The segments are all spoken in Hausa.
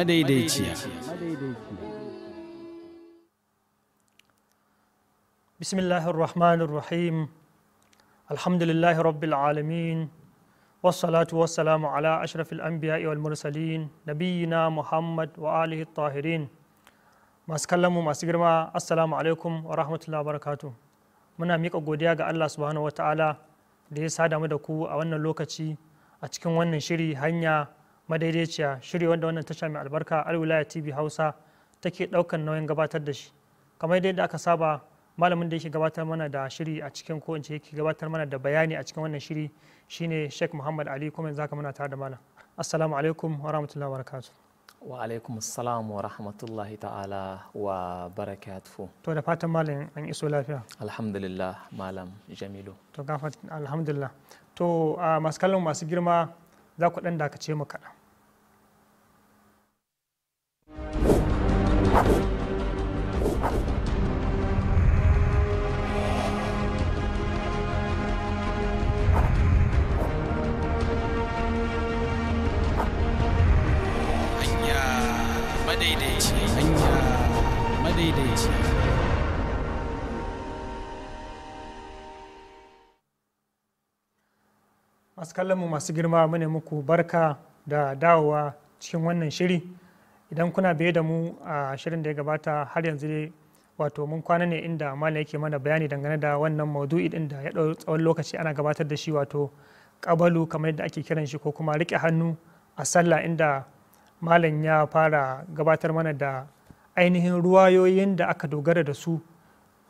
madaidaiciya bismillahir rahmanir rahim alhamdulillahi rabbil alamin wassalatu wassalamu ala ashrafil anbiya'i wal mursalin nabiyina muhammad wa alihi tahirin masu kallon mu masu girma assalamu alaikum wa rahmatullahi barakatu muna miƙa godiya ga Allah subhanahu wa ta'ala da ya sada mu da ku a wannan lokaci a cikin wannan shiri hanya madaidaiciya shiri wanda wannan tasha mai albarka alwilaya tv hausa take daukan nauyin gabatar da shi kamar yadda aka saba malamin da yake gabatar mana da shiri a cikin ko in ce yake gabatar mana da bayani a cikin wannan shiri shine Sheikh Muhammad Ali kuma yanzu haka muna tare da malam assalamu alaikum wa rahmatullahi wa barakatuh wa alaikum assalam wa rahmatullahi ta'ala wa barakatuh to da fatan malam an iso lafiya alhamdulillah malam jamilu to gafat alhamdulillah to masu kallon masu girma za ku dan dakace mu kaɗan masu kallonmu masu girma mune muku barka da dawowa cikin wannan shiri idan kuna biye da mu a shirin da ya gabata har yanzu dai wato mun kwana ne inda malam yake mana bayani dangane da wannan maudu'i din da ya ɗau tsawon lokaci ana gabatar da shi wato kabalu kamar yadda ake kiran shi ko kuma riƙe hannu a sallah inda malam ya fara gabatar mana da ainihin ruwayoyin da aka dogara da su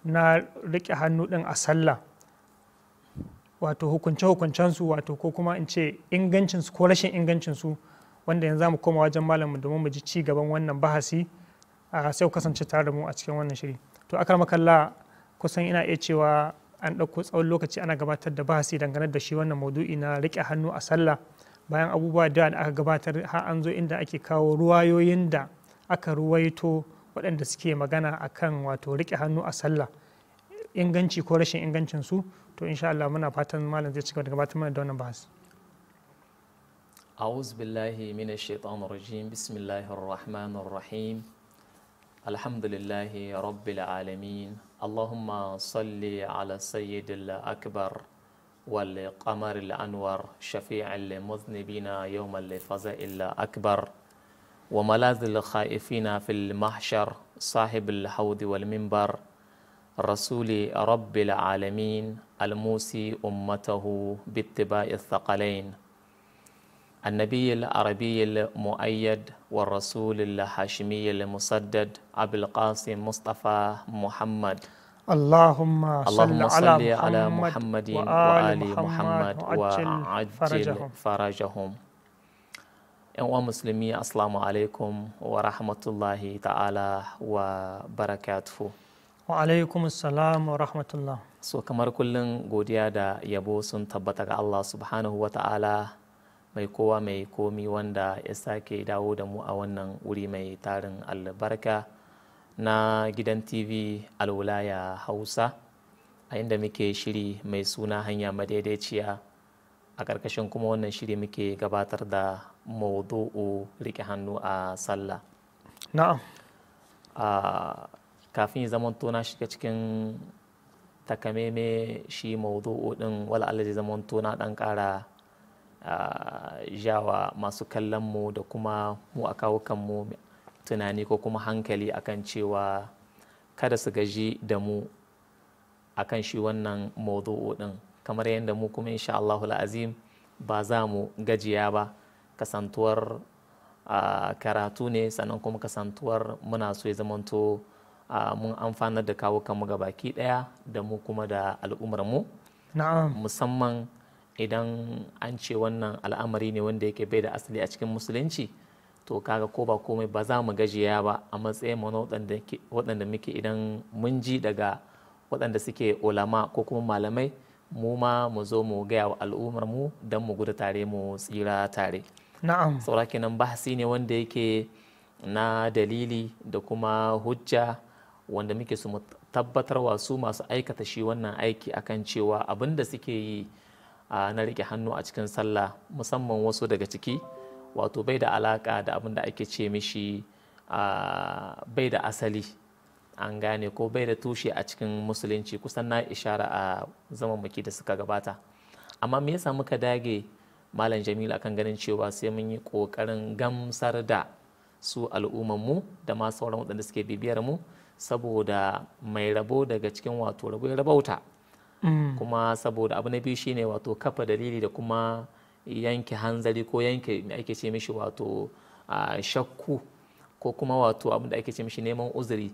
na riƙe hannu ɗin a sallah wato hukunce-hukuncensu wato ko kuma in ce ingancinsu ko rashin su wanda yanzu za mu koma wajen mu domin mu ji ci gaban wannan bahasi sai ku kasance tare da mu a cikin wannan shiri to akar makalla kusan ina iya cewa an ɗauko tsawon lokaci ana gabatar da bahasi dangane da shi wannan maudu'i na riƙe hannu a sallah bayan abubuwa da aka gabatar har an zo inda ake kawo ruwayoyin da aka ruwaito waɗanda suke magana akan wato riƙe hannu a sallah inganci ko rashin ingancin su to insha Allah muna fatan malam zai cigaba da gabatar mana da wannan bahas أعوذ بالله من الشيطان الرجيم بسم الله الرحمن الرحيم الحمد لله رب العالمين اللهم صل على سيد الأكبر والقمر الأنور شفيع المذنبين يوم الفزاء الأكبر وملاذ الخائفين في المحشر صاحب الحوض والمنبر رسول رب العالمين الموسي أمته باتباع الثقلين النبي العربي المؤيد والرسول الهاشمي المسدد أبو القاسم مصطفى محمد اللهم, اللهم صل على, على محمد, محمد وآل محمد, محمد وعجل فرجهم فرجهم. uwa musulmi, Assalamu عليكم ورحمة الله تعالى وبركاته wa alaikum salam wa rahmatullah so kamar kullum godiya da yabo sun tabbata ga Allah subhanahu wa ta'ala mai kowa mai komi wanda ya sake dawo da mu a wannan wuri mai tarin albarka na gidan tv alwulaya hausa a inda muke shiri mai suna hanya madaidaiciya a ƙarƙashin kuma wannan shiri muke gabatar da maudu'u rike hannu a sallah na'am ah, kafin ya zamanto na shiga cikin takameme shi maudu'u din wala Allah ya zamanto na dan ƙara jawa masu kallon mu da kuma mu a kawukan mu tunani ko kuma hankali akan cewa kada su gaji da mu akan shi wannan maudu'u din kamar yadda mu kuma insha Allahu azim ba za mu gajiya ba kasantuwar karatu ne sannan kuma kasantuwar muna so ya zamanto Ah, mun amfanar da kawo kanmu ga baki ɗaya da mu kuma da al'ummar mu musamman idan an ce wannan al'amari ne wanda yake bai da asali a cikin musulunci to kaga ko ba komai ba za mu gajiya ba a matsayin mu waɗanda muke idan mun ji daga waɗanda suke ulama ko kuma malamai mu ma mu zo mu gaya wa al'ummar mu don mu guda tare mu tsira tare na'am saura kenan bahasi ne wanda yake na dalili da kuma hujja wanda muke su tabbatarwa su masu aikata shi wannan aiki akan cewa abin da suke yi na rike hannu a cikin sallah musamman wasu daga ciki wato bai da alaka da abin da ake ce mishi bai da asali an gane ko bai da tushe a cikin musulunci kusan na ishara a zaman zamanmaki da suka gabata amma me yasa muka dage malam jamilu akan ganin cewa sai mun yi kokarin gamsar da su al'ummar mu da ma sauran waɗanda suke bibiyar mu saboda mai rabo daga cikin wato rabo ya rabauta mm. kuma saboda abu na biyu shine wato kafa dalili da kuma yanke hanzari ko yanke mai ake ce mishi wato shakku ko kuma wato abin da ake ce mishi neman uzuri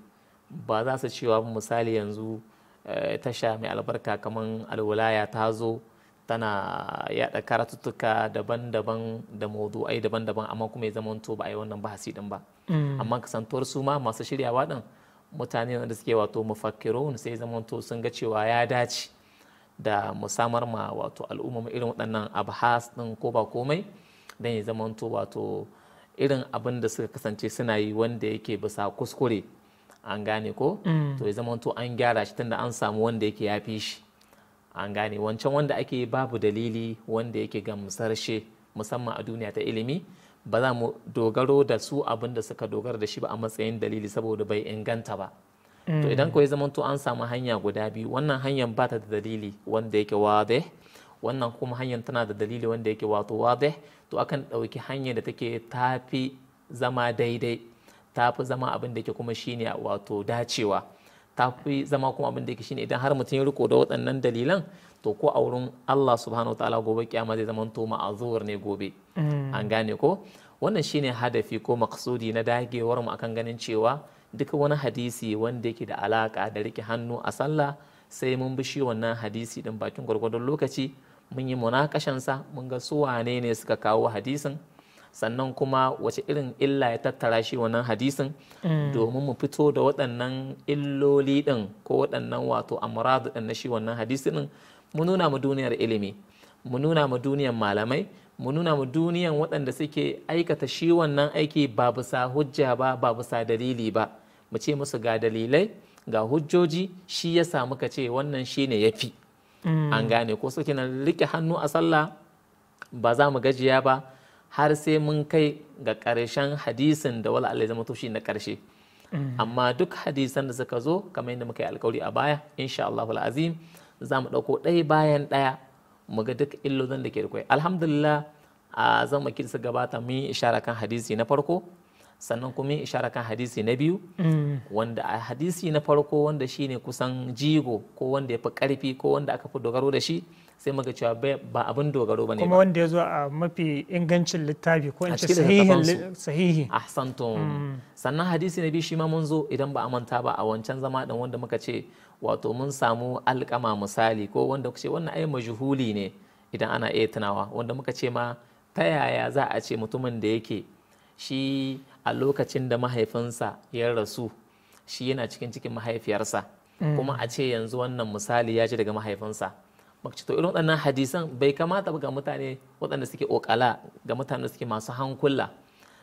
ba za su cewa misali yanzu eh, tasha mai albarka kamar alwalaya ta zo tana yada karatuttuka daban-daban da ai daban-daban amma kuma ya zamanto ba a yi wannan bahasi din ba mm. amma kasantuwar su ma masu shiryawa din mutane wanda suke wato mufakkirun sai zamanto sun ga cewa ya dace da musamar ma wato al'umma irin waɗannan abhas ɗin ko ba komai don ya zamanto wato irin abin da suka kasance suna yi wanda yake bisa kuskure an gane ko mm. to ya zamanto an gyara shi tunda an samu wanda yake yafi shi an gane wancan wanda ake babu dalili wanda yake gamsarshe musamman a duniya ta ilimi ba za mu dogaro da su abin da suka dogara da shi ba a matsayin dalili saboda bai inganta ba to idan kawai zaman to an samu hanya guda biyu wannan hanyar ba ta da dalili wanda yake wade wannan kuma hanyar tana da dalili wanda yake wato wade to akan ɗauki hanyar da take tafi zama daidai tafi zama abin da yake kuma shine wato dacewa tafi zama kuma abin da yake shine idan har mutum ya riko da waɗannan dalilan to ko a wurin Allah subhanahu wa ta'ala gobe kiyama zai zama to ma'azur ne gobe mm. an gane ko wannan shine hadafi ko maksudi na dagewar mu akan ganin cewa duk wani hadisi wanda yake da alaka da rike hannu a sallah sai mun bi shi wannan hadisi din bakin gwargwadon lokaci mun yi sa mun ga su wane ne suka kawo hadisin sannan kuma wace irin illa ya tattara shi wannan hadisin mm. domin mu fito da waɗannan illoli ɗin ko waɗannan wato amuradu ɗin na shi wannan hadisin. mu nuna mu duniyar ilimi mu nuna mu duniyar malamai mu nuna mu duniyar waɗanda suke aikata shi wannan aiki ba bisa hujja ba ba bisa dalili ba mu ce musu ga dalilai ga hujjoji shi ya samu ka ce wannan shi ne ya fi mm. an gane ko suke nan rike hannu a sallah ba za mu gajiya ba har sai mun kai ga karshen hadisin da wala Allah zama tushi na karshe mm. amma duk hadisan da suka zo kamar yadda muka yi alkawari a baya insha Allahu azim za mu ɗauko ɗaya bayan ɗaya mu ga duk illolin da ke da kwai alhamdulillah a zan maki su gabata mun yi ishara kan hadisi na farko sannan kuma yi ishara kan hadisi na biyu mm. wanda a hadisi na farko wanda shi ne kusan jigo ko wanda ya fi ƙarfi ko wanda aka fi dogaro da shi sai muga cewa ba abin dogaro ba ne kuma wanda ya zo a mafi ingancin littafi ko in ce sahihi ahsantum mm. sannan hadisi na biyu shi ma mun zo idan ba a manta ba a wancan zama ɗin wanda muka ce wato mun samu alƙama misali ko wanda kuce wannan ai majhuli ne idan ana iya tunawa wanda muka ce ma ta yaya za a ce mutumin da yake shi a lokacin da mahaifinsa ya rasu shi yana cikin cikin mahaifiyarsa mm. kuma a ce yanzu wannan misali ya ji daga mahaifinsa baka to irin waɗannan hadisan bai kamata ba ga mutane waɗanda suke okala ga mutanen suke masu hankula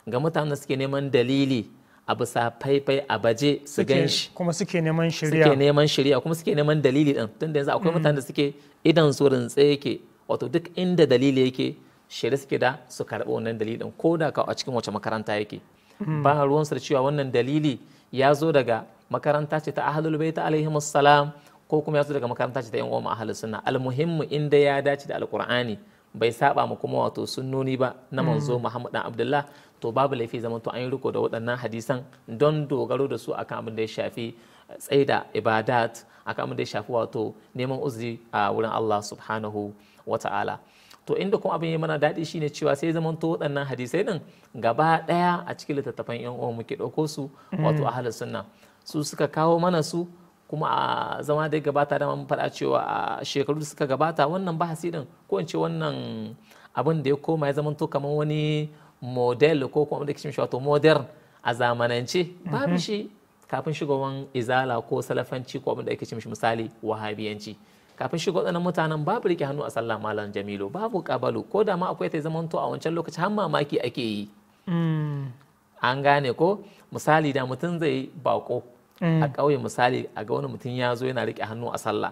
ga mutanen suke neman dalili a bisa faifai a baje su gan shi kuma suke neman shirya suke neman shirya kuma suke neman dalili din tunda yanzu akwai mm. mutanen da suke idan su rintse yake wato duk inda dalili yake shirya suke da su karɓi wannan dalilin ko da ka a cikin wace makaranta yake mm. ba ruwan da cewa wannan dalili ya zo daga makaranta ce ta ahlul bait alaihi salam ko kuma ya zo daga makaranta ce ta yan uwa ahlus sunna almuhimmu inda ya dace da alqur'ani bai saba mu kuma wato sunnoni ba na mm. manzo Muhammad dan Abdullah to babu laifi zaman to an yi riko da waɗannan hadisan don dogaro da su akan abin da ya shafi eh, tsaida ibadat akan abin da ya shafi wato neman uzuri a wurin Allah subhanahu wa ta'ala to inda kuma abin ya mana daɗi shine cewa sai zaman to waɗannan hadisai din gaba ɗaya a cikin littattafan yan uwan muke ɗauko su wato mm. ahlus sunna su suka kawo mana su kuma a zama da gabata da mun faɗa cewa a shekaru da suka gabata wannan bahasi din ko in ce wannan abin da ya koma ya zamanto kamar wani model ko kuma da kishin wato modern a zamanance babu shi kafin shigowan izala ko salafanci ko abin da ake cimshi misali wahabiyanci kafin shiga waɗannan mutanen babu rike hannu a sallah malam jamilu babu kabalu ko da ma akwai ta zamanto a wancan lokaci har mamaki ake yi mm. an gane ko misali da mutum zai bako a mm. ƙauye misali a ga wani mutum ya zo yana riƙe hannu a sallah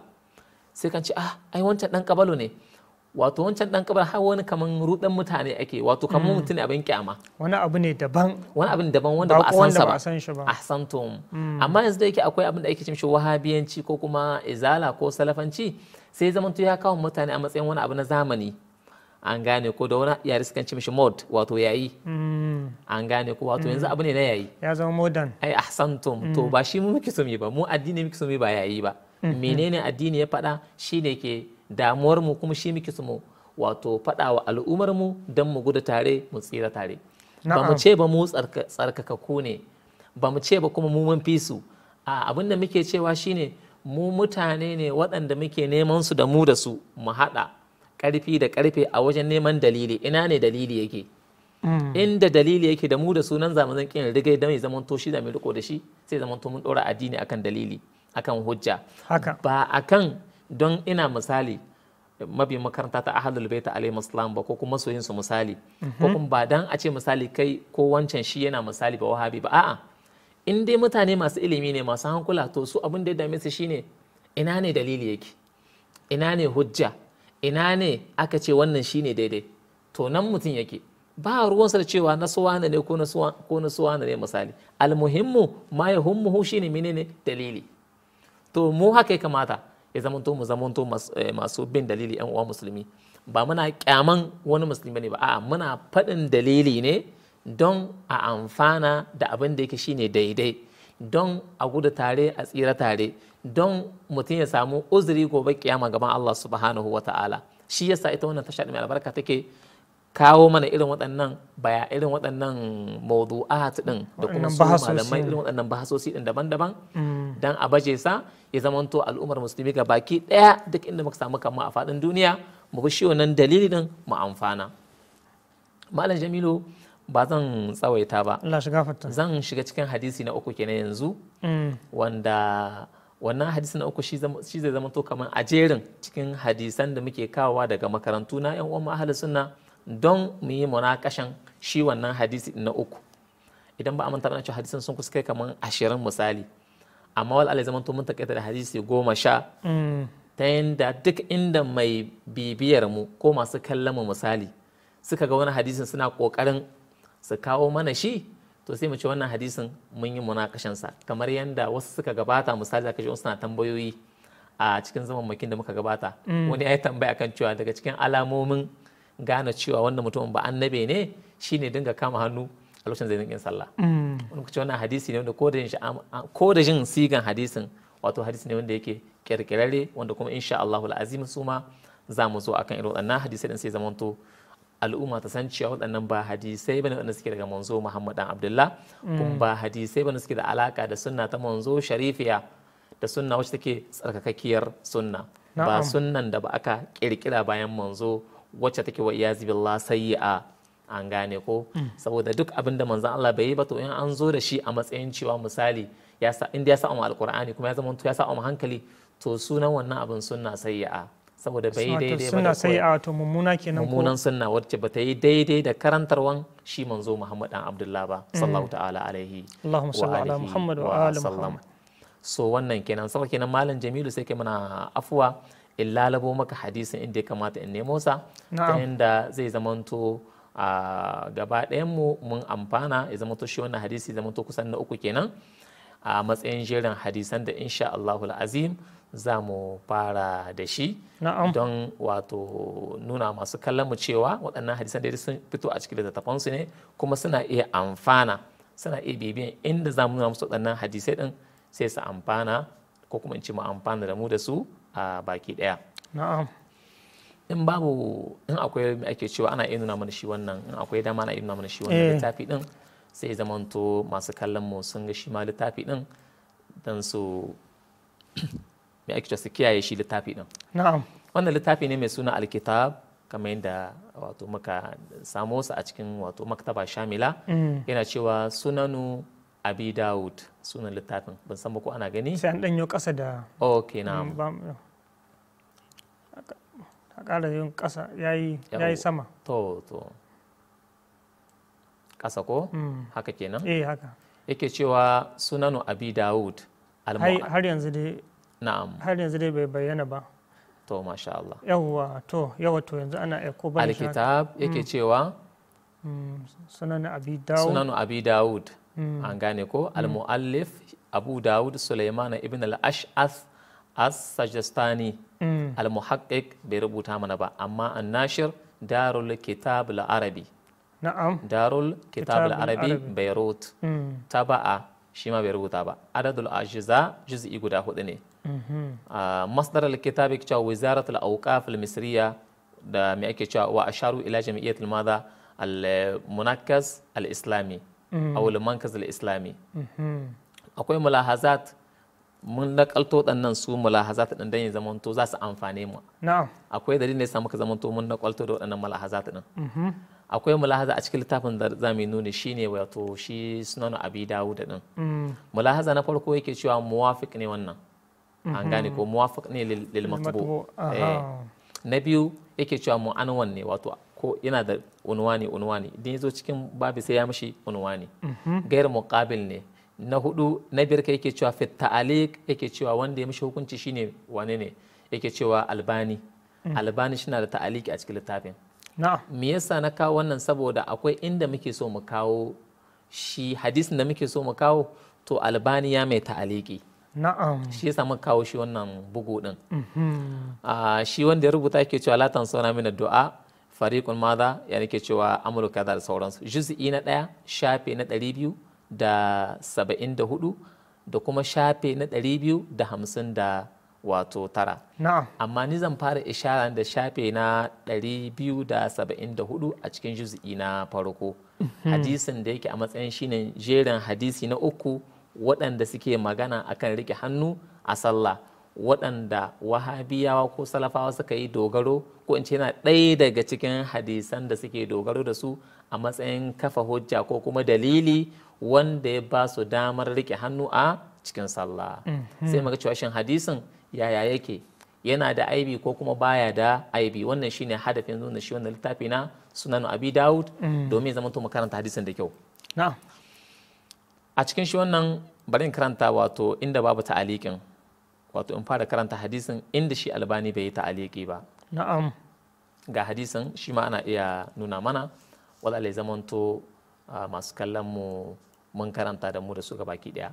sai kan ce ah ai wancan ɗan ƙabalo ne wato wancan ɗan ƙabalo har wani kaman rudan mutane ake wato kaman mm. mutum ne abin kyama wani abu ne daban wani abu ne daban wanda ba a san sa ba a san to mm. amma yanzu da yake akwai abin da ake cin shi wahabiyanci ko kuma izala ko salafanci sai zamanto ya kawo mutane a matsayin wani abu na zamani an gane ko da wani yare sukan ce mishi mod wato yayi hmm. an gane ko wato yanzu hmm. abu ne na yayi ya zama modern ai ahsantum hmm. to ba shi mu muke so ba mu addini muke so ba yayi ba menene addini ya shi shine ke damuwar mu kuma shi muke so wato fada wa al'ummar mu don mu gudu tare mu tsira tare ba mu ce ba mu tsarkakakku ne ba mu ce ba kuma mu mun fi su a abin da muke cewa shine mu mutane ne waɗanda muke neman su da mu da su mu haɗa karfi da karfe a wajen neman dalili ina ne dalili yake mm. inda dalili yake da mu da sunan zamanin kin rigai da mai zaman to shi da mai riko da shi sai zaman to mun dora addini akan dalili akan hujja ba akan don ina misali mabi makaranta ta ahlul bait alaihi assalam ba ko kuma soyin su misali mhm. ko kuma ba dan a ce misali kai ko wancan shi yana misali ba wahabi ba a'a in dai mutane masu ilimi ne masu hankula to su abin da ya dame su shine ina ne dalili yake ina ne hujja ina ne aka ce wannan shine daidai to nan mutum yake ba ruwansa da cewa na suwana ne ko na suwana ne misali almuhimmu ma ya hummuhu ne menene dalili to mu haka ya kamata ya zamanto mu zamanto eh, masu bin dalili yan uwa musulmi ba muna kyaman wani musulmi ne ba a'a muna faɗin dalili ne don a amfana da abin da yake shine daidai don a gudu tare a tsira tare don mutum ya samu uzuri gobe kiyama gaban Allah subhanahu wa ta'ala shi yasa ita wannan tasha mai albarka take kawo mana irin waɗannan baya irin waɗannan mawdu'at din da kuma su malamai irin waɗannan bahasosi din daban-daban mm. dan a baje sa ya zamanto al'ummar musulmi ga baki ɗaya duk inda muka samu kama a faɗin duniya mu bi shi wannan dalili din mu amfana malam jamilu ba zan tsawaita ba zan shiga cikin hadisi na uku kenan yanzu mm. wanda wannan hadisi na uku shi zai zama to kamar a jerin cikin hadisan da muke kawowa daga makarantu na yan uwan mahalar sunna don mu yi munakashan shi wannan hadisi na uku idan ba a manta ana cewa hadisan sun kusa kai kamar ashirin misali amma wal alai zaman to mun takaita da hadisi goma sha mm. ta yadda duk inda mai bibiyar mu ko masu kallon mu misali suka ga wani hadisin suna kokarin su kawo mana shi to sai mu ci wannan hadisin mun yi munakashansa kamar yadda wasu suka gabata misali zaka ji wasu na tambayoyi a cikin zaman makin da muka gabata mm. wani ya tambaya kan cewa daga cikin alamomin gane cewa wannan mutum ba annabe ne shine dinga kama hannu a lokacin zai dinga sallah mm. wani kuce wannan hadisi ne wanda ko da jin sigan hadisin wato hadisi ne wanda yake kirkirare wanda kuma insha Allahu azim su ma za mu zo akan irin wannan hadisai din sai zamanto al'umma ta san cewa waɗannan ba hadisai bane wanda suke daga manzo Muhammad dan Abdullah kuma mm. ba hadisai bane suke da alaka da sunna ta manzo sharifiya da sunna wacce take tsarkakakkiyar sunna ba sunnan da ba aka kirkira bayan manzo wacce take wa iyazi billah sayyi'a an gane ko mm. saboda duk abin da manzon Allah bai yi ba to in an zo da shi a matsayin cewa misali ya sa inda ya sa alqur'ani kuma ya zama to ya sa hankali to sunan wannan abin sunna sayyi'a saboda bai yi daidai ba da sai a ah, to mummuna kenan mummunan sunna wacce ba ta yi daidai da karantarwan shi manzo Muhammad dan Abdullah ba mm. sallallahu ta'ala alaihi Allahumma salli ala Muhammad wa ala Muhammad so wannan kenan saboda kenan malam Jamilu sai kai mana afuwa in lalabo maka hadisin inda ya kamata in nemo sa ta inda zai zamanto a gaba mu mun amfana ya to shi wannan hadisi to kusan na uku kenan a matsayin jerin hadisan da insha Allahul azim za mu fara da shi don wato nuna masu kallon mu cewa waɗannan hadisan daidai sun fito a cikin tafansu ne kuma suna iya amfana suna iya bibiyan inda za mu nuna musu waɗannan hadisai ɗin sai su amfana ko kuma in ci mu amfana da mu da su a baki ɗaya. Na'am. In babu in akwai mai ake cewa ana iya nuna mana shi wannan in akwai dama ana iya nuna mana shi wannan eh. littafi ɗin sai zamanto masu kallon mu sun ga shi ma littafi ɗin don su ya ake cewa su kiyaye shi littafi din na'am wannan littafi ne mai suna alkitab kamar yadda wato muka samo su a cikin wato maktaba shamila mm. yana cewa sunanu abi dawud sunan littafin ban san ko ana gani sai an danyo ƙasa da okay na'am mm, a ƙara yin ƙasa yayi yayi sama to to ƙasa ko mm. haka kenan eh haka yake cewa sunanu abi dawud har yanzu dai na'am har yanzu dai bai bayyana ba to masha Allah yawwa to yawa to yanzu ana aiko ba alkitab yake mm. cewa mm, sunan abi dawud sunan abi dawud mm. an gane ko al-muallif abu dawud sulaiman ibn al-ash'ath as-sajistani al-muhaqqiq bai rubuta mana ba amma an-nashir darul kitab al-arabi na'am darul kitab al-arabi beirut taba'a shi ma bai rubuta ba adadul ajiza juz'i guda hudu ne mhm. ah, masdar al-kitabi cewa wizaratul awqaf al-misriya da me ake cewa wa asharu ila jami'iyyatil madha al-munakkas al-islami mhm. aw al-mankas al-islami mhm. akwai mulahazat mun nakalto waɗannan su mulahazat ta dan ya zamanto za su amfane mu na'am akwai dalilin da yasa muka zamanto mun nakalto da waɗannan ta din mm-hmm. akwai mulahaza a cikin littafin da za mu nuni shine wato shi sunan abi dawud din mm. mulahaza na farko yake cewa muwafiq ne wannan an mm-hmm. gane ko muwafiq ne lil matbu eh. na biyu yake cewa mu anwan ne wato ko yana da unwani unwani idan yazo cikin babu sai ya mishi unwani mm-hmm. gair muqabil ne na hudu na biyar ka yake cewa fit yake cewa wanda ya mishi hukunci shine wane ne yake cewa albani mm. albani shi na da ta'aliki a cikin littafin me yasa na kawo wannan saboda akwai inda muke so mu kawo shi hadisin da muke so mu kawo to albani ya mai ta'aliki na'am shi yasa muka kawo shi wannan bugu din mm-hmm. ah, shi wanda ya rubuta yake cewa latan sauna mina du'a fariqun madha yana yake cewa amru kaza da sauransu juz'i na daya shafe na ɗari biyu da saba'in da hudu da kuma shafe na ɗari biyu da hamsin da wato tara. Na'am. Amma ni zan fara ishara da shafe na ɗari biyu da saba'in da hudu a cikin juzi'i na farko. Mhm. Hadisin da yake a matsayin shine jerin hadisi na uku waɗanda suke magana akan rike hannu a sallah. waɗanda wahabiyawa ko salafawa suka yi dogaro ko in ce yana ɗaya daga cikin hadisan da suke dogaro da su a matsayin kafa hujja ko kuma dalili wanda ya ba su damar rike hannu a cikin sallah mhm. sai maka cewa shin hadisin yaya yake yana da aibi ko kuma baya da aibi wannan shine hadafin zuwa shi wannan littafi na sunan abi daud mm. domin zama to mu karanta hadisin da kyau a cikin shi wannan bari in karanta wato inda babu ta'alikin wato in fara karanta hadisin inda shi albani bai yi ta'aliki ba na'am ga hadisin shi ma ana iya nuna mana wala zamanto ah, masu kallon mu mun karanta da mu da su baki daya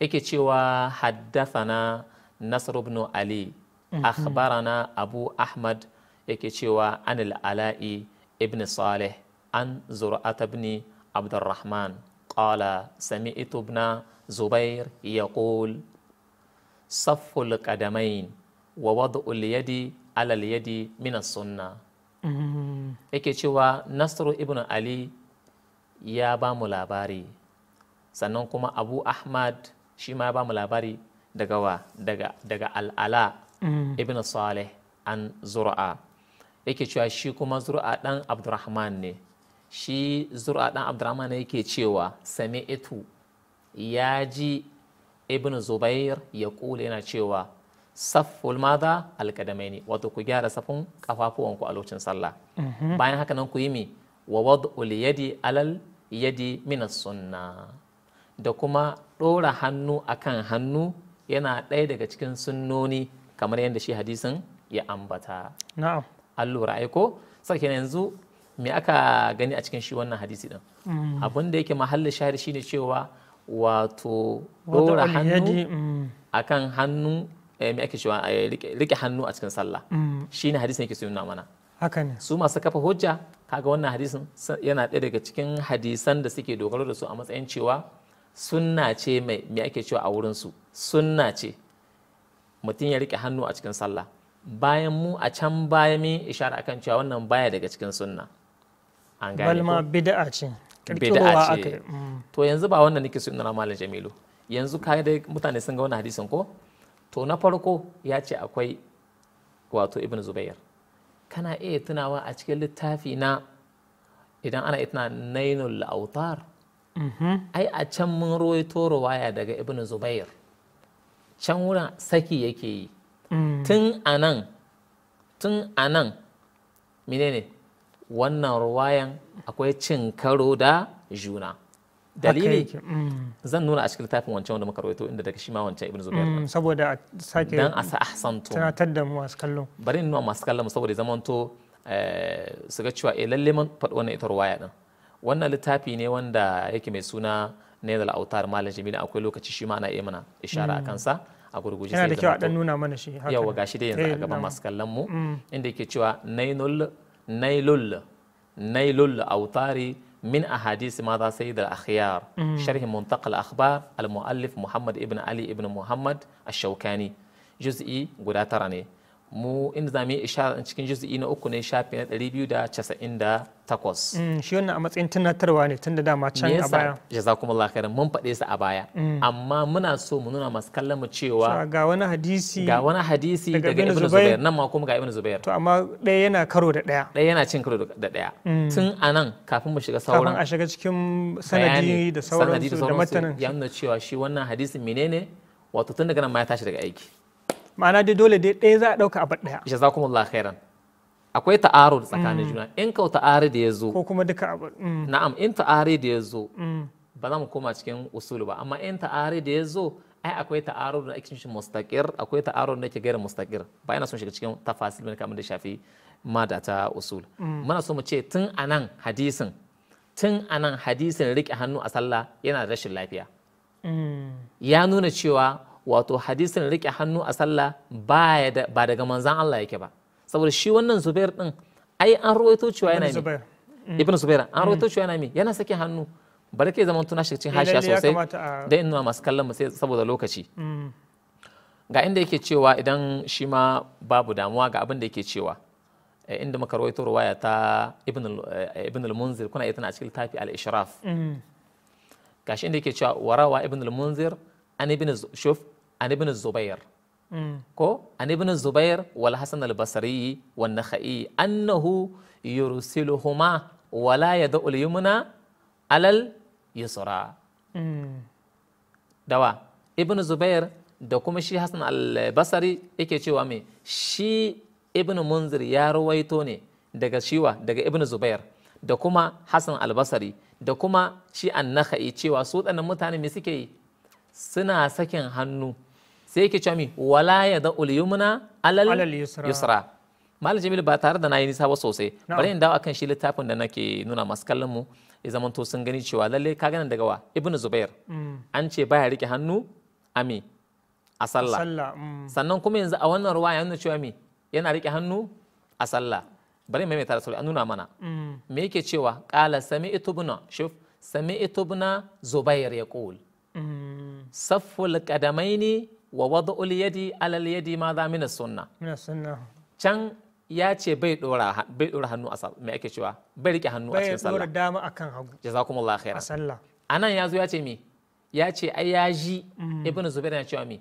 yake cewa haddathana nasr ibn ali akhbarana abu ahmad yake cewa anil ala'i ibn salih an zur'at ibn abdurrahman qala sami'tu ibn zubair yaqul صف القدمين ووضع اليد على اليد من السنة yake cewa nasiru ibn ali ya ba sannan kuma abu ahmad shi ma ya ba mu labari daga wa daga al'ala mm. ibn salih an zura'a yake cewa shi kuma zura'a dan abdurrahman ne shi zura'a dan abdurrahman ne yake cewa itu ya ji ibn zubair ya kula yana cewa safful maza ne wato ku gyara safin kafafuwanku a lokacin sallah mm-hmm. bayan haka nan ku yi mi wa wad'ul yadi alal yadi mina sunna da kuma ɗora hannu akan hannu yana ɗaya daga cikin sunnoni kamar yadda shi hadisin ya ambata na'am an lura aiko sarki yanzu me aka gani a cikin shi wannan hadisi ɗin. Mm. abin da yake mahallin shahar shine cewa wato ɗora hannu mm. akan hannu eh, me ake cewa eh, rike hannu a cikin sallah mm. shine hadisin yake suna mana haka ne su masu kafa hujja kaga wannan hadisin yana ɗaya daga cikin hadisan da suke dogaro da su a matsayin cewa sunna ce mai me ake cewa a wurinsu sunna ce mutum ya rike hannu a cikin sallah bayan mu a can baya mai ishara akan cewa wannan baya daga cikin sunna an gane balma bid'a ce bid'a ce mm. to yanzu ba wannan nake sunna na malam Jamilu yanzu ka da mutane sun ga wannan hadisin ko to na farko ya ce akwai wato ibn Zubair kana iya tunawa a cikin littafi na idan ana itna nainul autar ai a can mun toro ruwaya daga ibn zubair can wurin saki yake yi tun anan, tun anan mine menene wannan ruwayan akwai cin karo da juna dalili mm. zan nuna a cikin littafin wancan wanda muka roito inda daga shi ma wancan ibn zubair mm, saboda a sake dan a ahsanto tunatar da masu kallon bari nuna masu kallon saboda zamanto eh, su ga cewa eh lalle man faɗi wannan ita ruwaya din wannan littafi ne wanda yake mai suna nailal autar malam jamilu akwai lokaci shi ma ana iya mana ishara a mm. kansa a gurguje sai da kyau a dan nuna mana shi yawa gashi da yanzu eh, a gaban masu kallon mu mm. inda yake cewa nailul nailul nailul autari من أحاديث ماذا Akhbar Al شرح منطقة Ibn Ali Ibn ابن علي ابن محمد guda tara ne. mu inda za mu yi ishara cikin juzu'i na uku ne shafi na 298 mm, shi wannan a matsayin tunatarwa ne tun da dama can a baya za kuma khairan mun faɗe su a baya mm. amma muna so mu nuna masu kallon mu cewa ga wani hadisi ga wani hadisi daga ibnu zubair nan ma kuma ga ibnu zubair to amma ɗaya yana karo da ɗaya ɗaya yana cin karo da ɗaya mm. tun anan kafin mu shiga sauran kafin a shiga cikin sanadi da sauransu da matanin ya nuna cewa shi wannan hadisin menene wato tun daga nan ma ya tashi daga aiki ma'ana dai dole dai ɗaya za a ɗauka a bar ɗaya jazakumullah khairan akwai ta'arud tsakanin mm. juna in kau ta'ari da ya zo ko kuma duka abu mm. na'am in ta'ari da ya zo mm. ba za mu koma cikin usulu ba amma in ta'ari da ya zo ai akwai ta'arud da ake shi mustaqir akwai ta'arud da ke gaira mustaqir ba ina son shiga cikin tafasil ne kamar da shafi mada ta usul muna so mu ce tun anan hadisin tun anan hadisin rike hannu a sallah yana da rashin lafiya ya nuna cewa wato hadisin rike hannu a sallah ba daga manzan Allah yake ba saboda shi wannan zubair din ai an ruwaito cewa yana ne mm. ibn zubair an ruwaito mm. cewa yana me yana sake hannu bari kai zaman tuna shi cikin hashiya sosai da in nuna masu kallon mu sai saboda lokaci mm. ga inda yake cewa idan shi ma babu damuwa ga abin da yake cewa eh, inda muka ruwaito ruwaya ta ibn eh, al-munzir kuna iya tana a cikin littafi al-ishraf gashi inda yake cewa warawa ibn al-munzir an ibn shuf an ibn zubair ko an ibn zubair wal hasan al basri wan nakhai annahu yursiluhuma wala yad'u al yumna alal yusra dawa ibn zubair da kuma shi hassan albasari yake cewa me shi ibn munzir ya rawaito ne daga shiwa daga ibn zubair da kuma hassan albasari da kuma shi annaka'i cewa su ɗanan mutane me suke yi suna sakin hannu sai yake cewa mi wala ya da ulyumna alal yusra malam jamil ba tare da na yi nisa ba sosai bari in dawo akan shi littafin da nake nuna masu kallon mu ya zamanto sun gani cewa lalle ka gana daga wa ibnu zubair mm. an ce baya rike hannu a me a sallah mm. sannan kuma yanzu a wannan ruwa ya nuna cewa yana rike hannu a sallah bari mai tara sauri an nuna mana mm. me yake cewa kala sami'tu ibn shuf sami'tu ibn zubair yaqul safful qadamaini wa wada'ul yadi alal yadi ma za mina sunna can ya ce bai dora hannu a mai ake cewa bai rike hannu a cikin sallah bai dora dama akan hagu a sallah anan ya ce me ya ce ai ya ji mm. ibn zubair na cewa me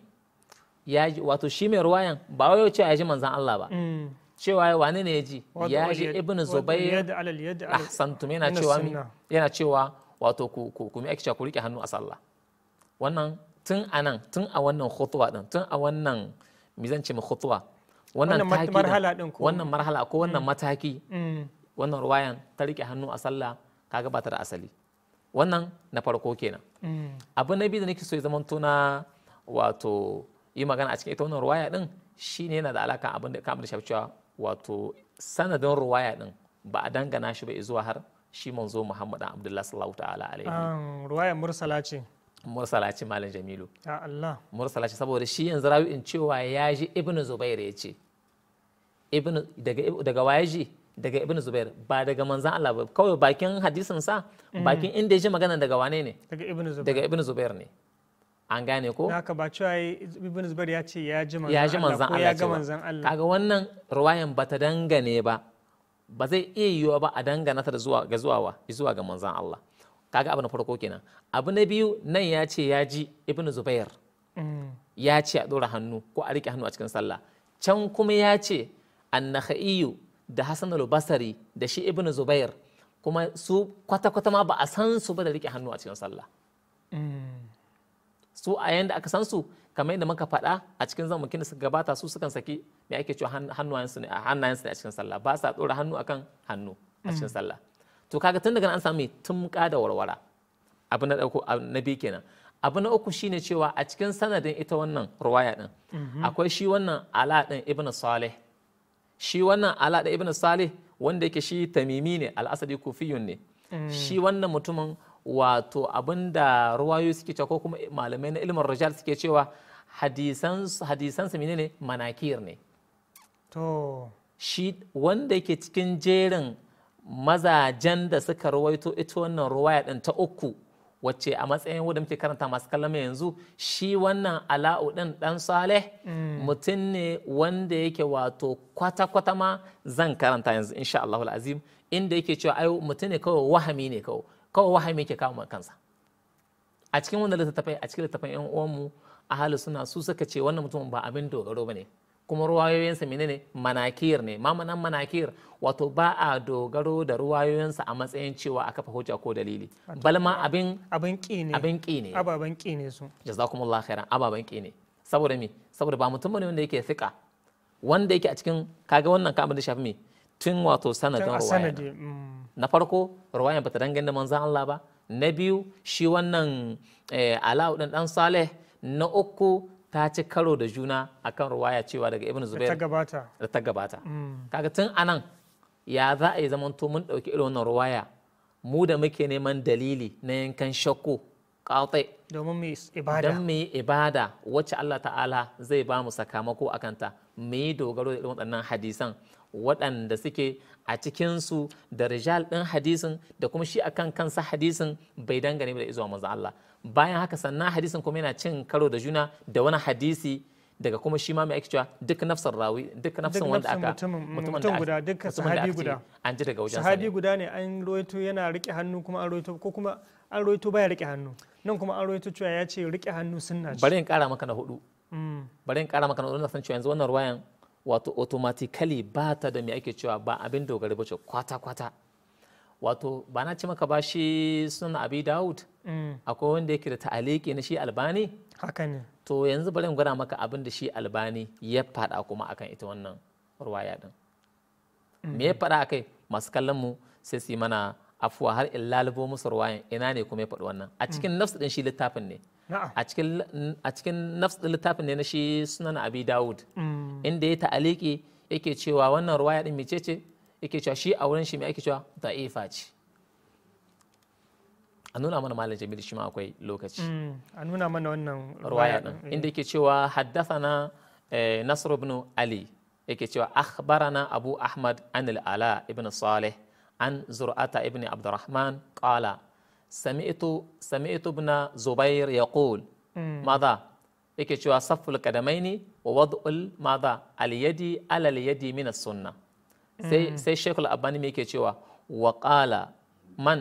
wato shi mai ruwayan ba cewa Allah ba mm. cewa wani ne ya ji ya ji ibn zubair ahsantum yana cewa yana cewa wato ku ku me ake cewa ku rike hannu a sallah wannan tun a nan tun a wannan hutuwa din tun a wannan mizanci mai hutuwa wannan marhala din ko wannan marhala ko wannan mm. mataki mm. wannan ruwayan ta rike hannu a sallah kaga ba ta da asali wannan na farko kenan mm. abu na biyu da nake so ya zamanto na wato yi magana a cikin ita wannan ruwaya din shine yana da alaka abin da kamar shafi cewa wato sanadin ruwaya din ba a dangana shi ba zuwa har shi manzo Muhammadu Abdullahi sallallahu ta'ala alaihi ruwaya mursala ce mursala ce malam jamilu ya Allah mursala ce saboda shi yanzu rawi'in cewa ya ji ibn zubair ya ce daga daga waye ji daga ibn zubair ba daga manzan Allah ba kawai bakin hadisin sa mm. bakin inda ya ji magana daga wane ne daga ibn zubair ne an gane ko haka ba cewa ibn zubair ya ce ya ji manzan Allah ya ya ga manzan Allah kaga wannan ruwayan ta dangane ba ba zai iya yiwuwa ba a dangana ta zuwa ga zuwa zuwa ga manzan Allah kaga abu na farko kenan abu na biyu nan ya ce ya ji ibn zubair mm. ya ce a ɗora hannu ko a rike hannu a cikin sallah can kuma ya ce annahaiyu da Hassan al-basari da shi ibn zubair kuma su kwata-kwata ma ba a san su ba da rike hannu a cikin sallah mm. su a yayin da aka san su kamar yadda muka faɗa a cikin zamakin da suka gabata su sukan saki me ake cewa hannayensu ne a cikin sallah ba sa ɗora hannu akan hannu a cikin mm. sallah to kaga tun daga an sami tumka da warwara abu na dauko na biyu kenan abu na uku shine cewa a cikin sanadin ita wannan ruwaya din mhm. akwai shi wannan ala din ibn salih shi wannan ala din ibn salih wanda yake shi tamimi ne al-asadi kufiyun ne mm. shi wannan mutumin wato abinda ruwayoyi suke cewa ko kuma malamai na ilimin rijal suke cewa hadisan hadisan su ne manakir ne to shi wanda yake cikin jerin mazajen da suka rawaito ita wannan ruwaya ɗin ta uku wacce a matsayin wadda muke karanta masu kalama yanzu shi wannan ala'u ɗin ɗan saleh mm. mutum ne wanda yake wato kwata-kwata ma zan karanta yanzu insha Allah azim inda yake cewa ai mutum ne kawai wahami ne kawai kawai wahami yake kawo kansa a cikin wanda littattafai a cikin littattafan yan uwanmu ahalu suna su suka ce wannan mutum ba abin dogaro ba ne kuma ruwayoyinsa menene manakir ne mamanan manakir wato ba a dogaro da ruwayoyinsa a matsayin cewa a kafa hujja ko dalili balma abin abin ki ne abin ki ne ababan ki ne su jazakumullahu khairan ababan ki ne saboda me saboda ba mutum ne wanda yake fika wanda yake a cikin kaga wannan kamar da shafi me tun wato sanadin ruwaya mm. na farko ruwayan bata dangane da manzon Allah ba na biyu shi wannan eh, alaudin dan saleh na uku ta ci karo da juna akan ruwaya cewa daga ibn zubair da ta gabata mm. kaga tun nan ya za a yi zamanto mun ɗauki irin wannan ruwaya mu da muke neman dalili na yankan shakku ƙautai domin mu ibada don mu yi ibada wacce Allah ta'ala zai ba mu sakamako a kanta mu yi dogaro da irin waɗannan hadisan waɗanda suke a cikinsu da rijal ɗin hadisin da kuma shi akan kansa hadisin bai dangane da izuwa manzo Allah bayan haka sannan hadisin kuma yana cin karo da juna da wani hadisi daga kuma shi ma mai ake cewa duk nafsan rawi duk nafsan wanda aka mutum mm, guda duk sahabi guda an ji daga wajen sahabi guda ne an roito yana rike hannu kuma an roito ko kuma an roito baya rike hannu nan kuma an roito cewa ya ce rike hannu sunna ce bari in kara maka na hudu mm. bari in kara maka na hudu na san cewa yanzu wannan ruwayan wato automatically ba ta da mai ake cewa ba abin dogare ba ce kwata kwata wato ba na ci maka ba shi sunan abi daud Mm. akwai wanda yake da ta'aliki na shi albani haka ne to yanzu bari in gwada maka abin da shi albani ya faɗa kuma akan ita wannan ruwaya din mm. me ya faɗa akai masu kallon mu sai su mana afuwa har in lalubo musu ruwayan ina ne kuma ya faɗi wannan a mm. cikin nafsu din shi littafin ne a cikin nafsu din littafin ne na shi sunan abi dawud inda ya ta'aliki yake cewa wannan ruwaya din mecece yake cewa shi a wurin shi me ake cewa da'ifa ce a nuna mana malam jamil shi ma akwai lokaci mm, a nuna mana wannan ruwaya din inda eh. yake cewa haddathana eh, nasr ibn ali yake cewa akhbarana abu ahmad an ala ibn salih an zur'ata ibn abdurrahman qala sami'tu sami'tu ibn zubair yaqul mm. madha yake cewa safful kadamaini wa wad'ul madha al yadi ala al yadi min as-sunnah mm. sai sai shaykhul albani yake cewa wa qala man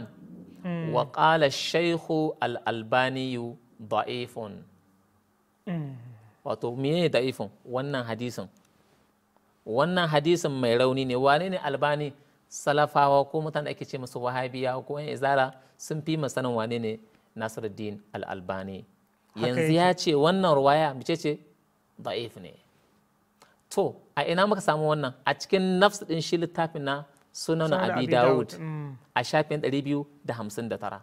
Waƙala shaihu shaikhu al'albaniyu da'ifun wato miye da'ifun wannan hadisin wannan hadisin mai rauni ne wane ne albani salafawa ko mutane ake ce musu wahabiya ko yan izara sun fi sanin wane ne nasiruddin al'albani yanzu ya ce wannan ruwaya mace ce da'if ne to a ina muka samu wannan a cikin nafs din shi littafin na sunan abi dawud mm. a shafin 259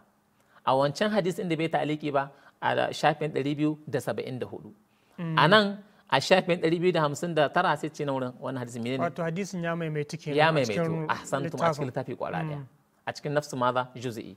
a wancan hadis inda bai ta'aliki ba a shafin 274 mm. a nan a shafin 259 sai ce na wurin wani mai menene wato hadisin ya mai kenan ya mai ahsantum a cikin littafi kwara daya mm. a cikin nafsu maza juzi'i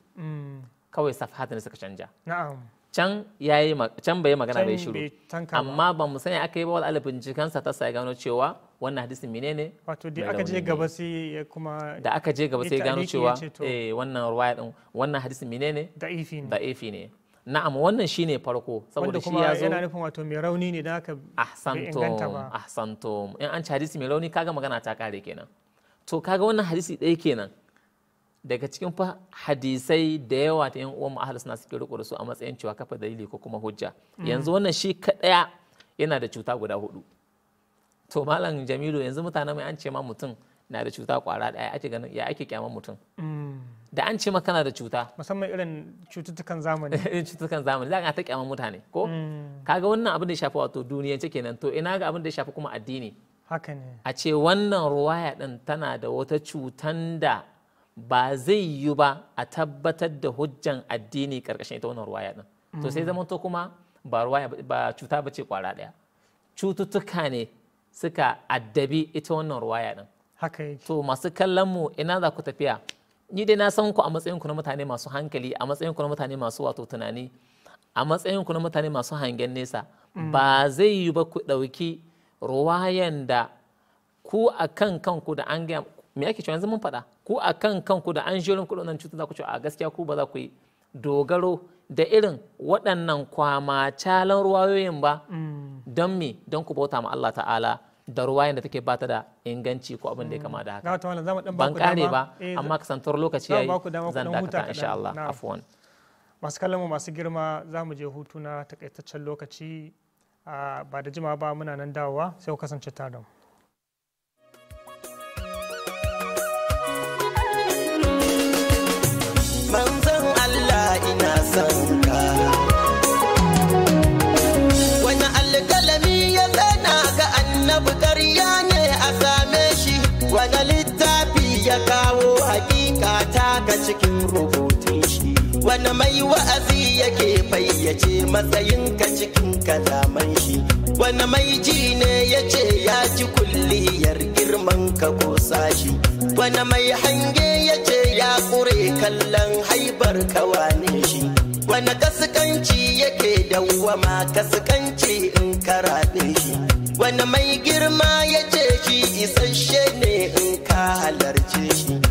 kawai ne suka canja na'am can yayi can bai magana bai shiru amma ba mu sani aka yi ba wal bincikansa ta sai gano cewa wannan hadisin menene wato da aka je gaba sai ya kuma da aka je gaba sai gano cewa eh wannan ruwaya din wannan hadisin menene da'ifi ne da'ifi ne na'am wannan shine farko saboda shi ya zo yana nufin wato mai rauni ne da aka ahsanto ahsanto in an ci hadisi mai rauni kaga magana ta kare kenan to kaga wannan hadisi ɗaya kenan daga cikin fa hadisai da yawa ta yan uwan ahal suna suke riko su a matsayin cewa kafa dalili ko kuma hujja mm. yanzu wannan shi kaɗaya yana da cuta guda hudu to malam jamilu yanzu mutane mai an ce ma mutum na da cuta kwara daya ake ganin ya ake kyaman mutum mm. da an ce kana da cuta musamman irin cututtukan zamani irin cututtukan zamani za ta kyaman mutane ko mm. kaga wannan abin da ya shafi wato duniyance kenan to ina ga abin da ya shafi kuma addini haka ne a ce wannan ruwaya din tana da wata cutan da ba zai yi ba a tabbatar da hujjan addini karkashin ita wannan ruwaya din to sai mm. to kuma ba ruwaya ba cuta ba ce kwara daya cututtuka ne suka addabi ita wannan ruwaya din haka yake to masu kallon mu ina za ku tafiya ni dai na san ku a matsayin ku na mutane masu hankali a matsayin ku na mutane masu wato tunani a matsayin ku na mutane masu hangen nesa mm. ba zai yi ba ku ɗauki ruwayan da ku a kan kanku da an me ake cewa yanzu mun faɗa ku a kan kanku da an jirin kuɗin cutar za ku ce a gaskiya ku ba za ku yi dogaro da irin waɗannan kwamacalan ruwayoyin ba mm. don me don ku bauta ma Allah ta'ala da ruwayen da take bata da inganci ko abin da ya mm. kama da haka ban kare ba eh, amma kasantar lokaci ya yi zan dakata insha Allah afuwan masu kallon masu girma za mu je hutu na takaitaccen lokaci ah, ba da jima ba muna nan dawowa sai ku kasance tare da mu na son ka wani alƙalami ya zana ga annabi ƙarya ne a same shi wani littafi ya kawo hakika ta ga cikin rubutun shi wani mai wa'azi yake fayyace ka cikin kalaman shi wani mai ji ne ya ce ya ji kulliyar girman ka ko sashi wani mai hange ƙure kallon haibar kawane shi wani kasukanci yake Ma kaskanci in karaɗe shi wani mai girma ya ce shi isasshe ne in ka halarce shi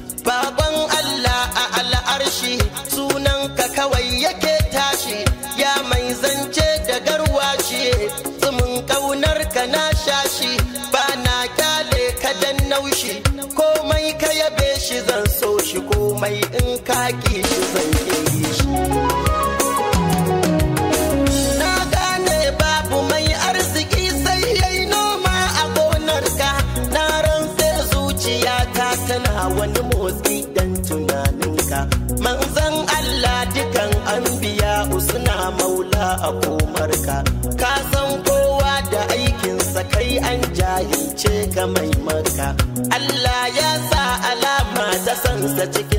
a Chicken.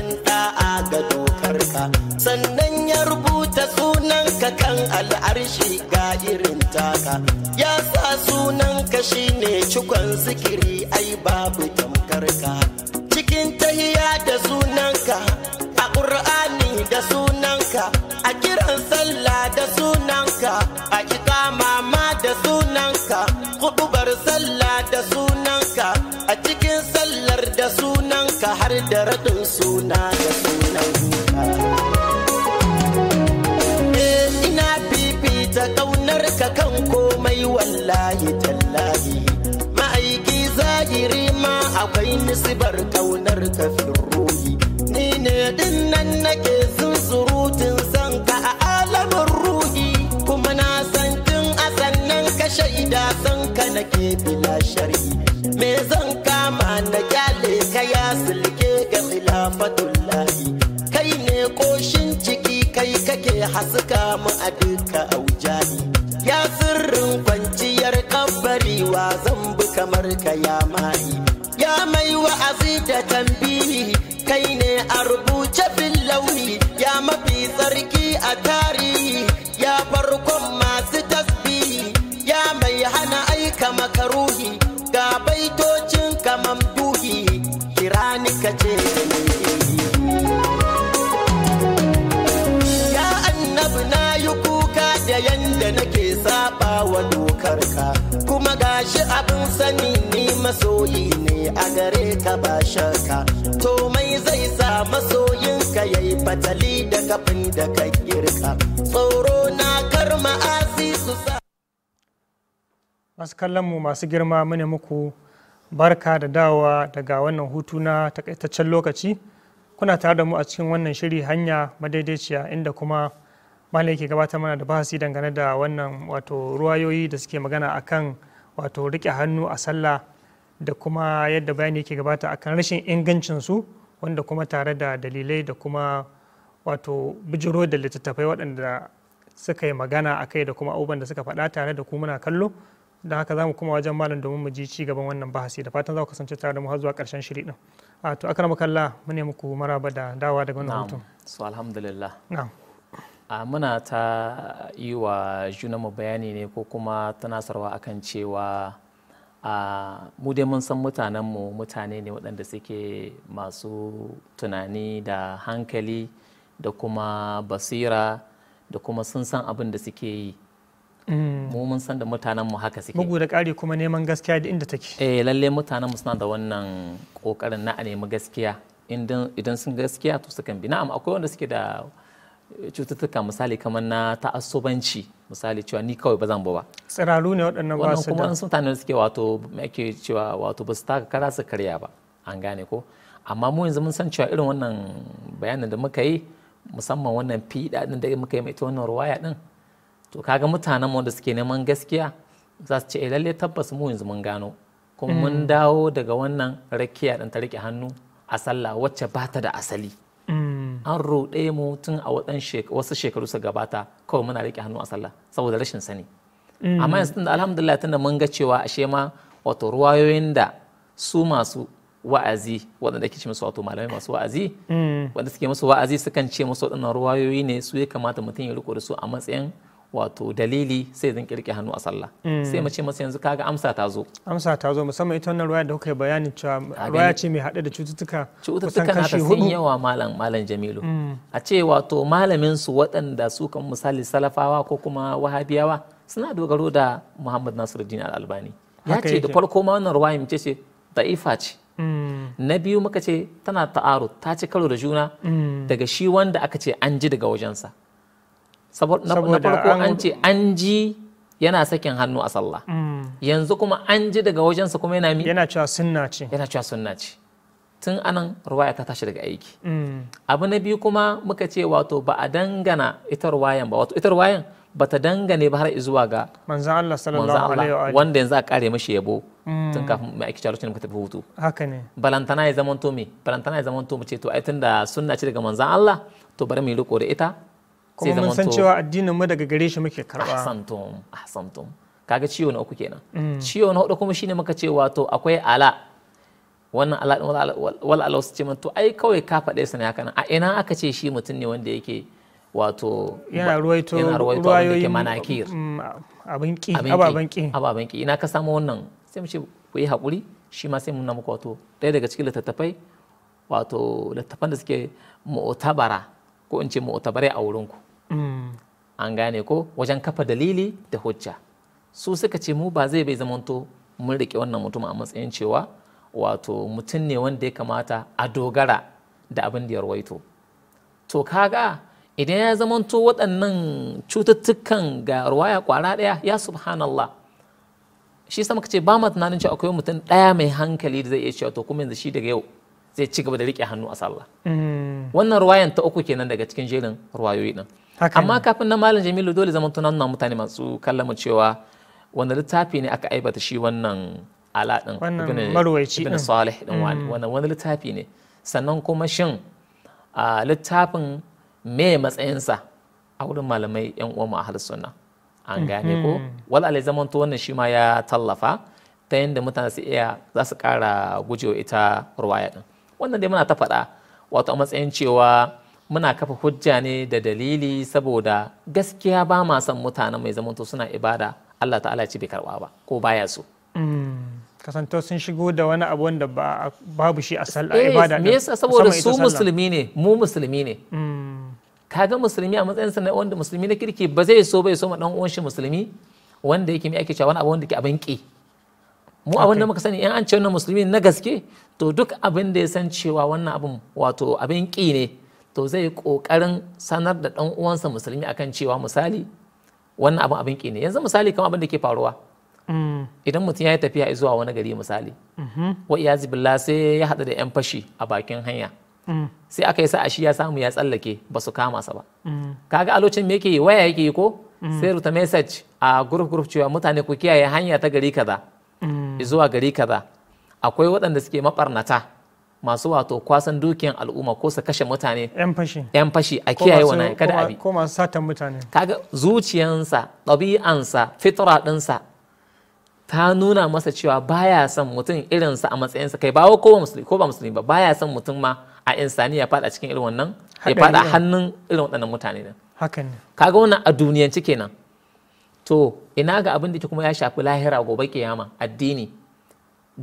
da kakirka tsoro na kar ma'asi su sa masu kallon mu masu girma mune muku barka da dawa daga wannan hutu na takaitaccen lokaci kuna tare da mu a cikin wannan shiri hanya madaidaiciya inda kuma malai ke gabatar mana da bahasi dangane da wannan wato ruwayoyi da suke magana akan wato rike hannu a sallah da kuma yadda bayani yake gabata akan rashin ingancin su wanda kuma tare da dalilai da kuma wato bijiro da littattafai waɗanda suka yi magana a kai da kuma abubuwan da suka faɗa tare da ku muna kallo da haka za mu kuma wajen malam domin mu ji ci gaban wannan bahasi da fatan za ku kasance tare da mu har zuwa ƙarshen shiri din a to akram kalla mu ne muku maraba da dawa daga wannan hutun so alhamdulillah na'am a muna ta yi wa mu bayani ne ko kuma tanasarwa akan cewa a mu dai mun san mutanen mu mutane ne waɗanda suke masu tunani da hankali da kuma basira da kuma sun san abin da suke yi mm. mu mun san da mutanen mu haka suke bugu da ƙari kuma neman gaskiya da inda take eh lalle mutanen mu suna da wannan kokarin na a nemi gaskiya idan sun gaskiya to sukan bi na'am akwai wanda suke da cututtuka misali kamar na ta'assubanci misali cewa ni kawai ba zan ba tsiraru ne waɗannan ba su kuma sun mutane suke wato me ake cewa wato ba su taka kara su karya ba an gane ko amma mu yanzu mun san cewa irin wannan bayanin da muka yi musamman wannan fiɗa ɗin da muka yi mai ta wannan ruwaya ɗin to kaga mutanen wanda suke neman gaskiya za su ce eh lalle tabbas mu yanzu mun gano kuma mun mm. dawo daga wannan rakiya ɗin ta rike hannu a sallah wacce ba ta da asali mm. an ruɗe mu tun a wasu shekaru su gabata kawai muna rike hannu a sallah saboda rashin sani mm. amma yanzu tunda alhamdulillah tunda mun ga cewa ashe ma wato ruwayoyin da su masu wa'azi waɗanda ake ce musu wato malamai masu wa'azi mm. wanda suke musu wa'azi sukan ce musu waɗannan ruwayoyi ne su ya kamata mutum ya riko da su a matsayin wato dalili sai zan kirke hannu a sallah mm. sai mace masa yanzu kaga amsa ta zo amsa ta zo musamman ita wannan ruwaya da kuka bayani cewa ruwaya ce mai haɗe da cututtuka cututtuka na sun yawa malam malam Jamilu mm. a ce wato malamin su waɗanda su kan misali salafawa ko kuma wahabiyawa suna dogaro da Muhammad Nasiruddin Al-Albani ya ce da farko ma wannan ruwaya mace ce da'ifa ce Mm. na biyu muka ce tana ta'aru ta ci karo da juna mm. daga shi wanda aka ce an ji daga wajensa na farko an ce an ji yana sakin hannu a sallah mm. yanzu kuma an ji daga wajensa kuma yana mi yana cewa sunna ce yana cewa sunna ce tun anan ruwaya ta tashi daga aiki abu na biyu kuma muka ce wato ba a dangana ita ruwayan ba wato ita ruwayan bata dangane ba har zuwa ga manzan Allah sallallahu alaihi wa wanda yanzu a kare mashi yabo hmm. tun kafin mai aiki lokacin muka tafi hutu haka ne balantana ya zama me balantana ya zama mu ce to ai tunda sunna ce daga manzan Allah to bari mu yi riko da ita kuma mun san cewa addinin mu daga gare shi muke karba ahsantum ahsantum kaga ciwo na uku kenan hmm. ciwo na hudu kuma shine muka ce wato akwai ala wannan ala wal ala su ce man to ai kawai ka faɗe sa ne haka nan a ina aka ce shi mutum ne wanda yake wato yana ruwaito ruwayoyi manakir mm, mm, ababen ki ina ka samu wannan sai mu ce ku yi hakuri shi ma sai mun na muku wato ɗaya daga cikin littattafai wato littattafan da suke mu'tabara ko in ce mu'tabare a wurinku mm. an gane ko wajen kafa dalili da hujja su suka ce mu ba zai bai zamanto mun rike wannan mutum a matsayin cewa wato mutum ne wanda ya kamata a dogara da abin da ya ruwaito to kaga idan ya zamanto waɗannan cututtukan ga ruwaya kwara ɗaya ya subhanallah shi sama ce ba mu tunanin cewa akwai mutum ɗaya mai hankali da zai iya cewa to kuma yanzu shi daga yau zai ci gaba da riƙe hannu a sallah hmm. wannan ruwayan ta uku kenan daga cikin jerin ruwayoyi ɗin amma kafin na malam jamilu dole zaman tunan na mutane masu kallama cewa wani littafi ne aka aibata shi wannan ala wannan marwaici ɗin hmm. wani littafi ne sannan kuma shin ah, littafin me matsayinsa a wurin malamai yan uwa ahal sunna an gane ko mhm. wal alai zaman to wannan shi ma ya tallafa ta yadda mutane su iya za su kara gujewa ita ruwaya din wannan dai muna ta faɗa wato a matsayin cewa muna kafa hujja ne da dalili saboda gaskiya ba ma son mutane mai to suna ibada Allah ta'ala ci bai karba ba ko baya so mm. kasanto sun shigo da wani abu wanda babu shi a eh, ibada me yasa saboda su musulmi ne mu musulmi ne mm. kaga musulmi a sa na wanda musulmi na kirki ba zai so bai so ma dan uwan shi musulmi wanda yake mai ake cewa wani abu wanda ke abin ki mu abin da muka sani in an ce wannan musulmi na gaske to duk abin da ya san cewa wannan abin wato abin ki ne to zai kokarin sanar da dan uwansa musulmi akan cewa misali wannan abin abin ki ne yanzu misali kamar abin da ke faruwa mm. idan mutum ya yi tafiya zuwa wani gari misali mm-hmm. wa iyazi billah sai ya haɗu da yan fashi a bakin hanya sai aka yi sa shi ya samu ya tsallake ba su kama sa ba kaga a lokacin me yake yi waya yake yi ko sai ruta message a group group cewa mutane ku kiyaye hanya ta gari kaza zuwa gari kaza akwai waɗanda suke mabarnata masu wato kwasan dukiyan al'umma ko su kashe mutane yan fashi yan fashi a kiyaye wannan kada abi ko masu satan mutane kaga zuciyansa ɗabi'ansa fitra ɗinsa ta nuna masa cewa baya son mutum irinsa a matsayinsa kai ba ko musulmi ko ba musulmi ba baya son mutum ma a insani ya fada cikin irin wannan ya fada hannun irin waɗannan mutane din hakan kaga wannan a cike kenan to ina ga abin da ke kuma ya shafi lahira gobe kiyama addini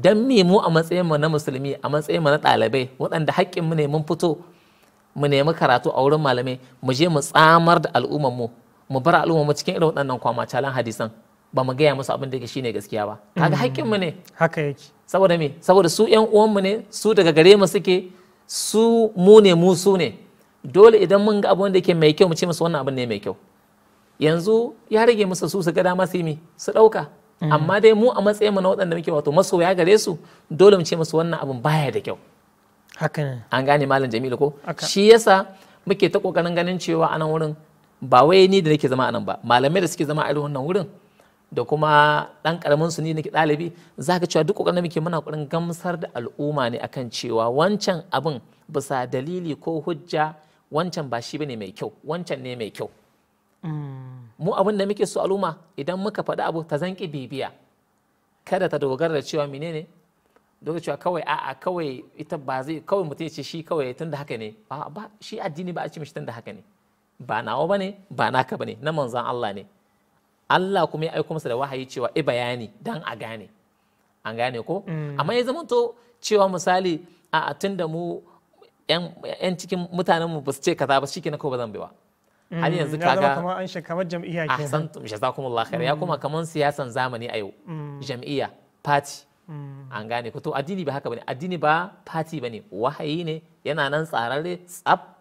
dan me mu a matsayin mu na musulmi a matsayin mu na ɗalibai waɗanda haƙƙin mu ne mun fito mu nemi karatu a wurin malamai mu je mu tsamar da al'ummar mu mu bar al'ummar mu cikin irin waɗannan kwamacalan hadisan ba mu gaya musu abin da yake shine gaskiya ba kaga mm. haƙƙin mu ne haka yake saboda me saboda su ƴan uwan mu ne su daga gare mu suke su mu ne mu su ne dole idan mun ga abin da yake mai kyau mu ce musu wannan abin ne mai kyau yanzu ya rage musu su su ga dama su mi su ɗauka mm. amma dai mu a matsayin mu na waɗanda muke wato masoya gare su dole mu ce musu wannan abin baya da kyau hakan an gane malam jamilu ko shi yasa muke ta kokarin ganin cewa anan wurin ba wai ni da nake zama anan ba malamai da suke zama a irin wannan wurin da kuma ɗan ƙaramin su ni nake ɗalibi za ka cewa duk ƙoƙarin da muke muna ƙoƙarin gamsar da al'umma ne akan cewa wancan abin bisa dalili ko hujja wancan ba shi bane mai kyau wancan ne mai kyau mm. mu abin da muke so al'umma idan muka faɗi abu ta zanki bibiya kada ta dogara da cewa menene dole cewa kawai a'a kawai ita ba zai kawai mutum ce shi kawai tun da haka ne ba shi addini ba a ce mishi tun da haka ne ba nawa bane ba naka bane na manzon Allah ne Allah kuma ya aiko masa da wahayi cewa i bayani dan a gane an gane ko mm. amma ya zama to cewa misali a tun da mu yan cikin mutanen mu ba su ce kaza ba shi kenan ko ba zan ba mm, har yanzu kaga kamar an shi kamar jam'iyya kenan tum jazakumullah khair ya mm. kuma kamar siyasan zamani a yau jam'iyya party an gane ko to addini ba haka bane addini ba party bane wahayi ne yana nan tsararre tsaf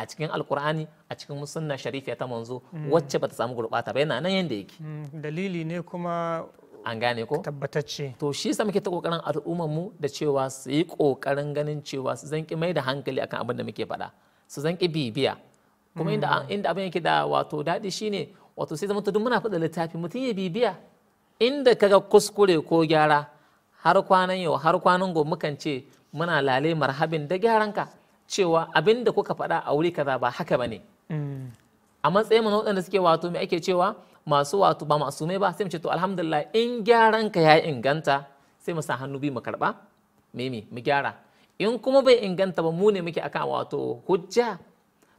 a cikin alkur'ani a cikin sunna sharifiya ta manzo wacce bata samu gurbata ba yana nan yanda yake mm, dalili ne kuma an gane ko tabbatacce to shi yasa muke ta kokarin al'ummar mu da cewa su yi kokarin ganin cewa su zanki mai da hankali akan abin da muke faɗa su zanki bibiya kuma inda mm. inda abin yake da wato daɗi shine wato sai zama duk muna faɗa littafi mutum ya bibiya inda kaga kuskure ko gyara har kwanan yau har kwanan gobe mukan ce muna lale marhabin da ka. cewa abin da kuka faɗa a wuri kaza ba haka ba ne mm. a matsayin mana waɗanda suke wato mai ake cewa masu wato ba masu mai ba sai mu ce to alhamdulillah in gyaran ka ya inganta sai mu sa hannu biyu mu karba meme mu gyara in kuma bai inganta ba mu ne muke akan wato hujja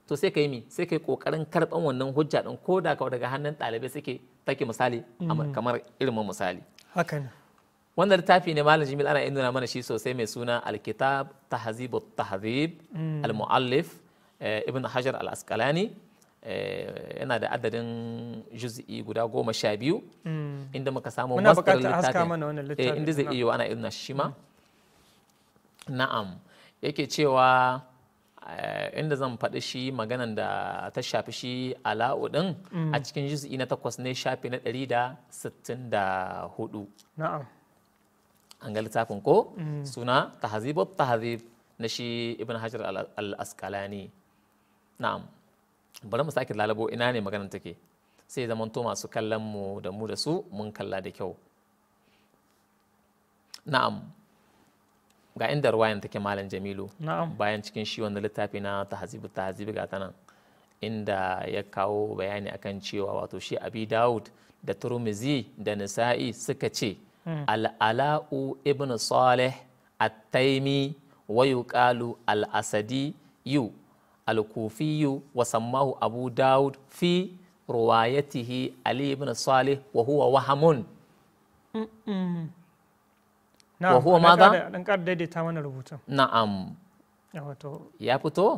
to sai ka yi mi sai ka yi kokarin karban wannan hujja ɗin ko da daga hannun ɗalibai suke take misali mm. kamar irin misali haka wannan littafi ne malam jimil ana induna mana shi sosai mai suna alkitab tahzibu tahzib mm. almuallif eh, ibn hajar al-asqalani eh, yana da adadin juz'i guda goma sha biyu mm. inda muka samu masdar littafin eh, inda zai iya ana induna shi ma mm. na'am yake cewa inda zan faɗi shi maganan da ta shafi shi ala'u a cikin juz'i na takwas ne shafi na ɗari da sittin da hudu na'am an ga littafin ko mm. suna tahzibut tahzib na shi ibn hajar al-asqalani na'am bari mu sake lalabo ina ne maganar take sai zamanto masu kallon mu da mu da su mun kalla da kyau na'am ga inda ruwayan take malam jamilu Na'am. bayan cikin shi wanda littafi na tahzibu tahzibi ga tanan inda ya kawo bayani akan cewa wato shi abi dawud da turmizi da nisa'i suka ce Hmm. al'ala'u ibn salih at-taimi wa yuqalu al-asadi yu al-kufiyu wa sammahu abu daud fi ruwayatihi ali ibn salih wa huwa wahamun wa huwa maza dan kar daidaita mana rubutun na'am ya fito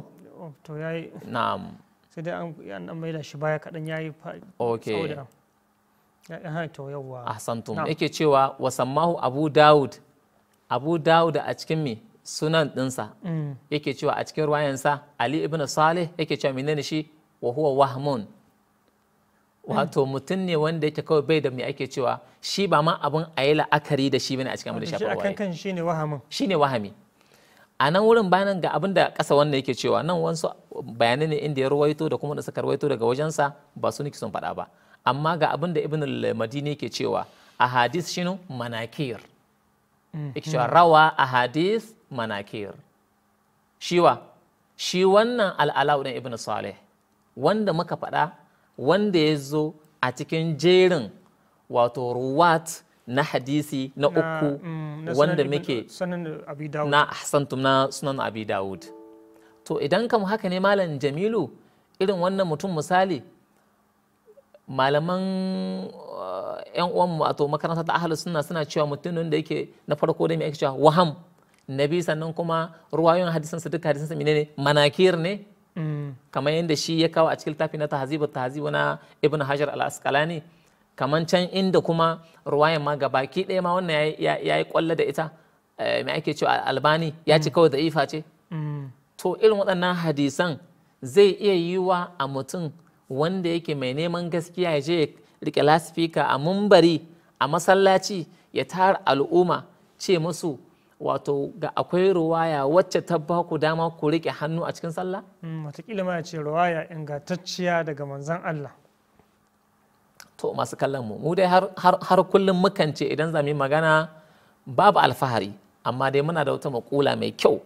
to yayi na'am sai dai an mai da shi baya kaɗan kadan yayi okay ahsantum yake cewa wasammahu abu dawud abu dawud a cikin me sunan dinsa mm. yake cewa a cikin ruwayansa ali ibn salih yake cewa menene shi wa huwa wahmun wato mm. mutum ne wanda yake kawai bai da me ake cewa shi ba ma abun a yi la'akari da shi bane a cikin abin da shafi shi ne wahamin shi ne wahami a nan wurin bayanan ga abin da ƙasa wannan yake cewa nan wasu bayanai ne inda ya ruwaito da kuma da suka ruwaito daga wajensa ba su niki sun faɗa ba amma ga abin da ibn al-madini ke cewa hadis shi manakir mhm. yake cewa rawa ahadis manakir shiwa shi wannan al'alau na ibn salih wanda muka faɗa wanda ya zo a cikin jerin wato ruwat na hadisi na uku mm, wanda muke na ahsantum na sunan abi dawud to idan kam haka ne malam jamilu irin wannan mutum misali malaman uh, yan uwanmu a to makaranta ta ahalus suna suna cewa mutumin da yake na farko da mai ake cewa waham nabi sannan kuma ruwayoyin hadisansa duka hadisansa menene manakir ne mm. kamar yadda shi ya kawo a cikin littafi na tahzibu tahzibu na ibn hajar al-asqalani kamar can inda kuma ruwayan ma ga baki ɗaya ma wannan ya yi kwallo da ita eh, mai ake cewa albani ya ci mm. kawai ifa ce mm. to irin waɗannan hadisan zai iya yiwa a mutum wanda yake mai neman gaskiya ya je rike lasifika a mumbari a masallaci ya tara al'umma ce musu wato ga akwai ruwaya wacce ta ba ku dama ku rike hannu a cikin sallah? Hmm, wataƙila ma ce ruwaya ingantacciya daga manzan Allah. To masu kallon mu, mu dai har kullum mukan ce idan zami magana babu alfahari, amma dai muna da wata makula mai kyau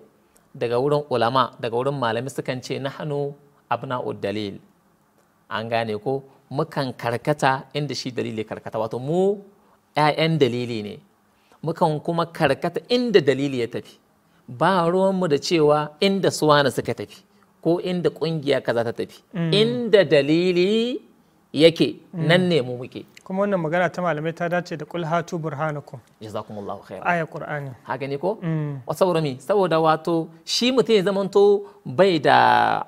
daga wurin ulama, daga wurin malami sukan ce na hannu abna'ud dalil. an gane ko mukan karkata inda shi dalili karkata wato mu 'ya'yan dalili ne mukan kuma karkata inda dalili ya tafi ba mu da cewa inda suwana suka tafi ko inda ƙungiya kaza ta tafi mm. inda dalili yake nan ne mu muke kuma wannan magana ta malamai ta dace da kul hatu burhanakum jazakumullahu khair aya qur'ani haka ne ko mm. saboda me saboda wato shi mutum ya zamanto bai da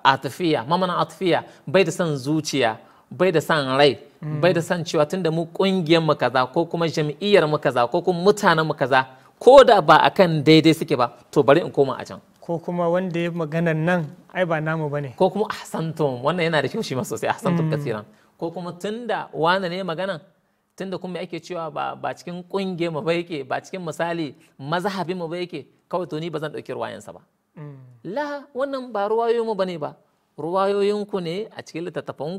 atafiya mamana atafiya bai da san zuciya bai da san rai mm. bai da san cewa tunda mu kungiyar mu kaza ko kuma jam'iyyar mu kaza ko kuma mutanen mu kaza ko da ba akan daidai suke ba to bari in koma a can ko kuma wanda ya maganan nan ai ba namu bane ko kuma ahsantum wannan yana da kyau shi ma sosai ahsantum mm. katsiran ko kuma tunda wane ne magana? tunda kuma ake cewa ba cikin kunge mu ba yake ba cikin misali mazhabi mu ba yake kawai to ni ba zan dauki ruwayansa ba mm. la wannan ba ruwayoyin mu bane ba ruwayoyinku ne a cikin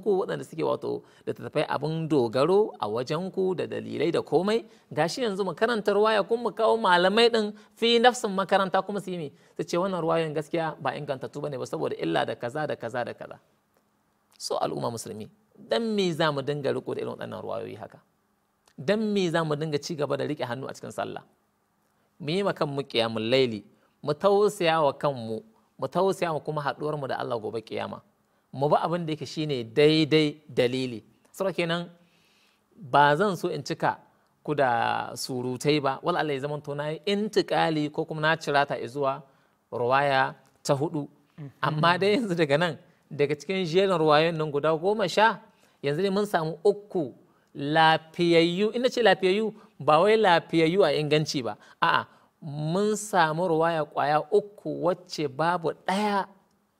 ku waɗanda suke wato littattafai abin dogaro a wajen ku da dalilai da komai gashi yanzu mu karanta ruwaya kuma mu kawo malamai din fi nafsin makaranta kuma su yi su ce wannan ruwayoyin gaskiya ba ingantattu bane ba saboda illa da kaza da kaza da kaza so al'umma musulmi dan me za mu dinga riko da irin waɗannan ruwayoyi haka dan me za mu dinga ci gaba da riƙe hannu a cikin sallah mu yi kan mu ƙiyamun laili mu tausaya wa kanmu mu tausaya wa kuma haɗuwar mu da Allah gobe kiyama mu ba abin da yake shine daidai dalili sura kenan ba zan so in cika ku da surutai ba wal Allah ya zama to na ko kuma na cira ta zuwa ruwaya ta hudu amma dai yanzu daga nan daga cikin jerin ruwayoyin nan guda goma sha yanzu ne mun samu uku lafiyayyu ina ce lafiyayyu ba wai lafiyayyu a inganci ba a'a mun samu ruwaya kwaya uku wacce babu ɗaya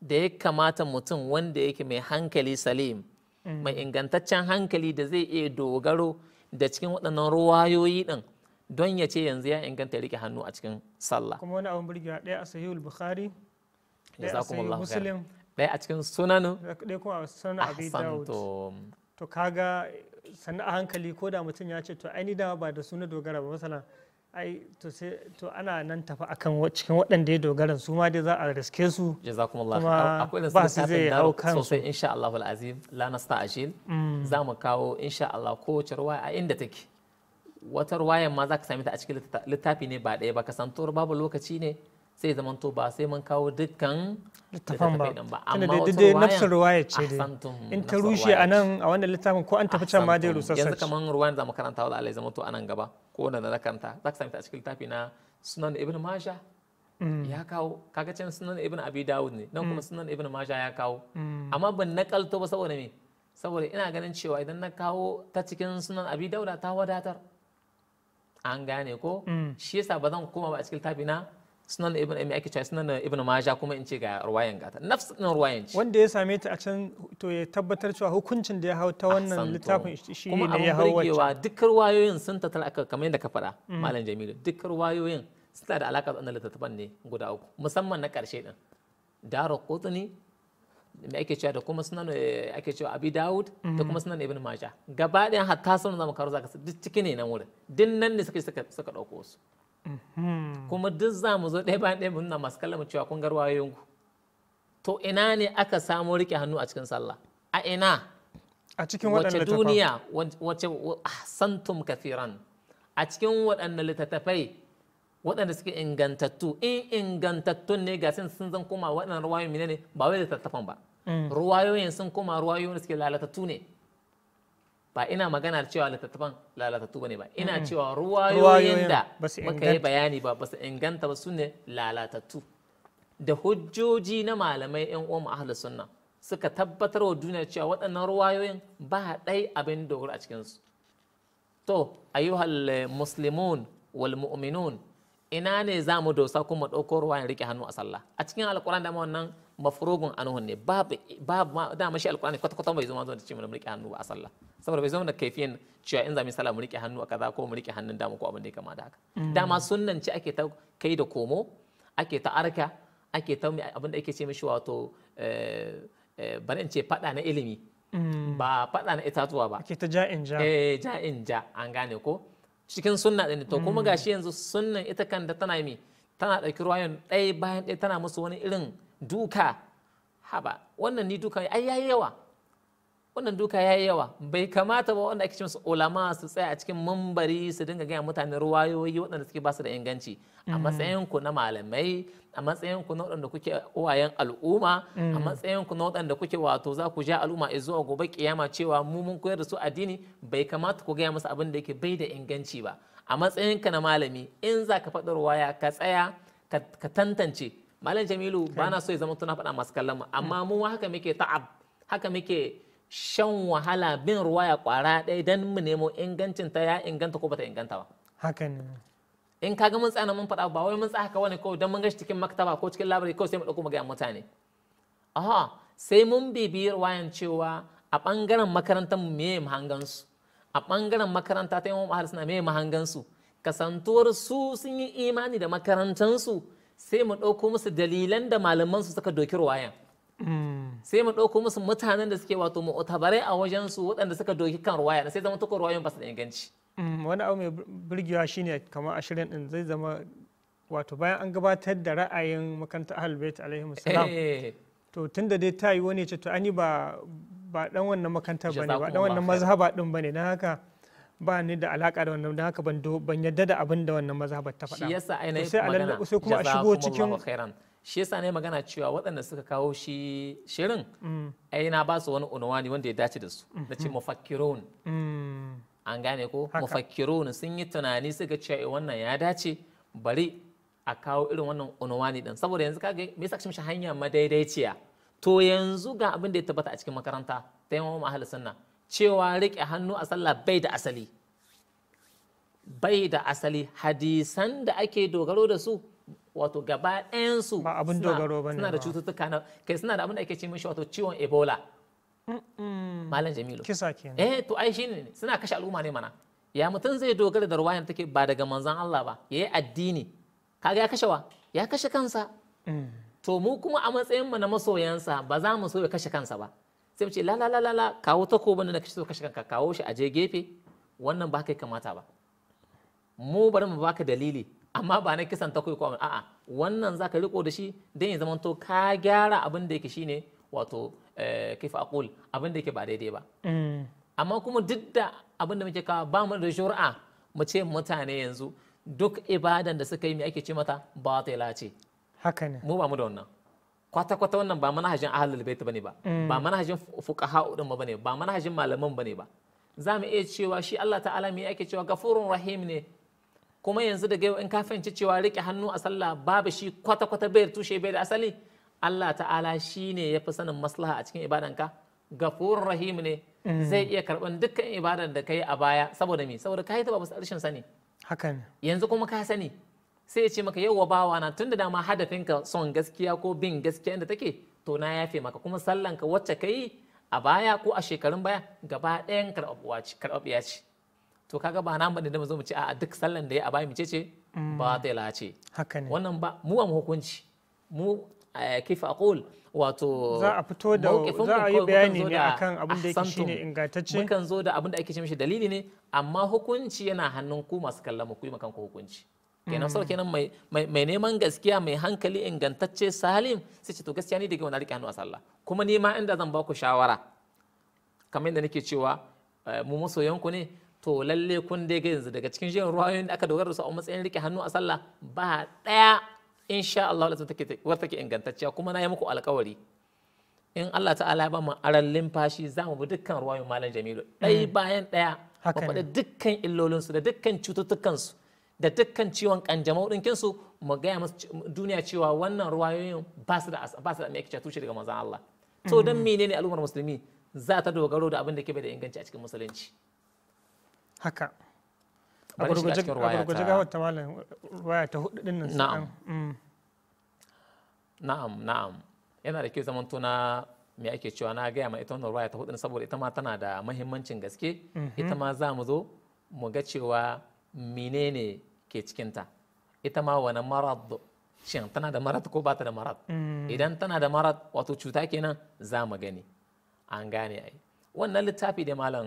da ya kamata mutum wanda yake mai hankali salim mm. mai ingantaccen hankali da zai iya dogaro da cikin waɗannan ruwayoyi ɗin don ya ce yanzu ya inganta rike hannu a cikin sallah kuma wani abin burgewa ɗaya a sahihul bukhari ɗaya a sahihul muslim ɗaya a cikin sunan to kaga sannan a hankali ko da mutum ya ce to ai ni dama ba da suna dogara ba masana ai to sai to ana nan tafi akan cikin waɗanda ya dogara su ma dai za a riske su jazakumullah Kuma ba su zai hau kan su. sosai insha Allah alazim la nasta'jil mm. za mu kawo insha Allah kowace ruwaya a inda take wata ruwayan ma za ka sami ta a cikin littafi ne ba ɗaya ba kasantuwar babu lokaci ne sai zaman to ba sai mun kawo dukkan littafan ba Amma da dai nafsu ruwaya ce dai in ta rushe a nan a wannan littafin ko an tafi can ma dai rusassa yanzu kaman ruwayan da makaranta wala alai zaman to anan gaba ko wanda na karanta za ka sami ta a cikin littafi na sunan ibn majah mm. ya kawo kaga can sunan ibn abi daud ne nan kuma mm. sunan ibn majah ya kawo mm. amma ban nakalto ba saboda me saboda ina ganin cewa idan na kawo ta cikin sunan abi daud ta wadatar an gane ko shi yasa ba zan koma ba a cikin littafi na sunan ibn ibn ake cewa sunan ibn maja kuma in ce ga ruwayan gata nafs din ruwayan ce wanda ya same ta a can to ya tabbatar cewa hukuncin da ya hau ta wannan littafin shi ne ya hau wacce duk ruwayoyin sun tattala aka kamar yadda ka faɗa mm. malam jamilu duk ruwayoyin suna da alaƙa da wannan littattafan ne guda uku musamman na ƙarshe din daro kotuni me ake cewa da kuma sunan eh, ake cewa abi dawud da mm-hmm. kuma sunan ibn maja gaba ɗaya hatta sunan zamu karo zaka duk ciki ne nan wurin duk nan ne suka suka ɗauko su kuma duk za mu zo ɗaya bayan ɗaya nuna masu kallon cewa kun garwayoyinku to ina ne aka samo rike hannu a cikin sallah a ina a cikin wace duniya wace santum kafiran a cikin waɗannan littattafai waɗanda suke ingantattu in ingantattun ne ga sun zan koma waɗannan ruwayoyin ne ba wai littattafan ba mm. ruwayoyin sun koma ruwayoyin da suke lalatattu ne ba ina magana cewa littattafan lalatattu ne ba ina cewa ruwayoyin da muka yi bayani ba basu inganta ba sune lalatattu da hujjoji na malamai yan uwan ahlus sunna suka tabbatar wa duniya cewa waɗannan ruwayoyin ba ɗai abin dogara a cikinsu to ayyuhal muslimun wal mu'minun ina ne za mu dosa kuma ɗauko ruwayan rike hannu a sallah a cikin alƙur'an da wannan mafrogun anhu ne babu babu ma dama shi alqur'ani kwata kwata bai zama zo da cewa mu rike hannu a sallah saboda bai zama da kaifiyan cewa in zamu sallah mu rike hannu a kaza ko mu rike hannun dama ko abin da ya kama da haka mm. dama sunnan ce ake ta kai da komo ake ta arka ake ta abin da ake ce mishi wato eh, eh, bari in ce fada na ilimi mm. ba fada na itatuwa ba ake ta ja'in ja eh ja'in ja an gane ko cikin sunna din to kuma mm. gashi yanzu sunnan ita kan da tana mi tana dauki ruwayan ɗaya bayan ɗaya tana musu wani irin duka haba wannan ni duka ai yayi yawa wannan duka yayi yawa bai kamata ba wanda ake cewa ulama su tsaya a cikin mambari su dinga gaya mutane ruwayoyi waɗanda suke basu da inganci a mm. matsayin ku na malamai a matsayin ku na waɗanda kuke uwayen al'umma a mm. matsayin ku na waɗanda kuke wato za ku ja al'umma zuwa gobe kiyama cewa mu mun koyar da su addini bai kamata ku gaya musu abin da yake bai da inganci ba a matsayin ka na malami in za ka faɗa ruwaya ka tsaya ka tantance malam jamilu ba na so ya zama tuna faɗa masu kallon mu amma mu haka muke ta'ab haka muke shan wahala bin ruwa ya kwara ɗaya don mu nemo ingancin ta ya inganta ko bata inganta ba haka ne in ga mun tsana mun faɗa ba wai mun tsaya tsaka wani kawai don mun gashi cikin maktaba ko cikin labari kawai sai mu ɗauko mu ga mutane aha sai mun bibiyi ruwayan cewa a ɓangaren makarantar mu meye mahangansu a ɓangaren makaranta ta yi mu suna meye mahangansu kasantuwar su sun yi imani da makarantansu sai mu ɗauko musu dalilan da malaman su suka doki ruwayan sai mu ɗauko musu mutanen da suke wato mu'tabarai a wajen su waɗanda suka doki kan ruwaya sai zama tuko ruwayan ba su da inganci mm, wani abu mai burgewa shine kamar ashirin din zai zama wato bayan an gabatar da ra'ayin makarantar ahlul Alayhi alaihi salam eh. to tunda dai ta yi wani ce to ani ba ba dan wannan makarantar bane ba dan wannan mazhaba din bane dan haka ba ni da alaka da wannan don haka ban ban yadda da abin da wannan mazhabar ta faɗa shi yasa ai na magana sai kuma a shigo cikin shi yasa ne magana cewa waɗanda suka kawo shi shirin mm. ai na ba su wani unwani wanda ya dace da su mm-hmm. na ce mufakkirun mm. an gane ko mufakkirun sun yi tunani suka ce eh, wannan ya dace bari a kawo irin wannan unwani din saboda yanzu kaga me yasa shi hanya madaidaiciya to yanzu ga abin da ya tabbata a cikin makaranta ta yi mamu sunna cewa riƙe hannu a sallah bai da asali bai da asali hadisan da ake dogaro da su wato gaba ɗayansu ba abin dogaro ba suna da cututtuka na kai suna da abin da ake ce mishi wato ciwon ebola malam jamilu kisa kenan eh to ai shine suna kashe al'umma ne mana ya mutum zai dogara da ruwayan take ba daga manzon Allah ba yayi addini kaga ya kashe wa ya kashe kansa mm. to mu kuma a matsayin mu na masoyansa ba za mu so ya kashe kansa ba sai mu ce la la la la kawo takobin da kashe so kashe kanka kawo shi a je gefe wannan ba kai kamata ba mu bari mu baka dalili amma ba na kisan takobi ko a'a wannan zaka riko da shi dan ya zama to ka gyara abin da yake shine wato eh, kifa aqul abin da yake ba daidai ba mm. amma kuma duk da abin da muke kawo ba mu da shur'a mu ce mutane yanzu duk ibadan da suka yi me ake ce mata batila ce haka ne mu ba mu da wannan kwata kwata wannan ba manhajin bai bait bane ba mm. ba manhajin fuqaha din ba bane ba manhajin malaman bane ba za mu iya cewa shi Allah ta'ala me yake cewa gafurun rahim ne kuma yanzu da gaiwa in ka fahimci cewa rike hannu a sallah babu shi kwata kwata bai tushe bai da asali Allah ta'ala shi ne ya fi sanin maslaha a cikin ibadanka gafurun rahim ne mm. zai iya karɓan dukkan ibadan da ka yi a baya saboda me saboda ka yi ta babu rashin sani hakan yanzu kuma ka sani sai ya ce maka yauwa bawa na tunda dama hadafinka son gaskiya ko bin gaskiya inda take to na yafe maka kuma sallanka wacce ka yi a baya ko a shekarun baya gaba ɗayan karɓaɓɓiya ce to kaga ba na ba da mu ce a duk sallan da ya a baya mu ce mm. ce ba ta yi ce wannan ba mu am hukunci mu a eh, kifa aqul wato za a fito da za a yi bayani ne akan abin da yake shine ingantacce mukan zo da abin da ake ce mishi dalili ne amma hukunci yana hannun ku masu kallon mu ku yi makan ku hukunci kenan hmm. sau kenan mai neman gaskiya mai hankali ingantacce salim sai ce to gaskiya ni daga wani rike hannu a sallah kuma ni ma inda zan baku shawara kamar yadda nake cewa eh, mu masoyanku ne to lalle kun dai ga yanzu daga cikin jin ruwayoyin da aka dogara da su a matsayin riƙe hannu a sallah ba ɗaya insha Allah da take take ingantacciya kuma na yi muku alƙawari in Allah ta'ala ya ba mu aran limfashi za mu bi dukkan ruwayoyin malam Jamilu ɗaya hmm. bayan ɗaya ba da dukkan illolinsu da dukkan cututtukansu da dukkan ciwon kanjamau ɗinkin su mu gaya musu duniya cewa wannan ruwayoyin ba su da ba su da mai tushe daga manzon Allah to dan mm-hmm. menene al'ummar musulmi za ta dogaro da abin da ke bai da inganci a cikin musulunci haka a gurguje ga wata malam ruwaya ta hudu din nan na'am mm. na'am na'am yana da kyau zaman tuna me ake cewa na gaya ma ita wannan ruwaya ta hudu saboda ita ma tana da mahimmancin gaske mm-hmm. ita ma za mu zo mu ga cewa menene ke cikinta ita ma wani marad shin tana da marad ko ba ta da marad mm. idan tana da marad wato cuta kenan za mu gani an gane ai wannan littafi da malam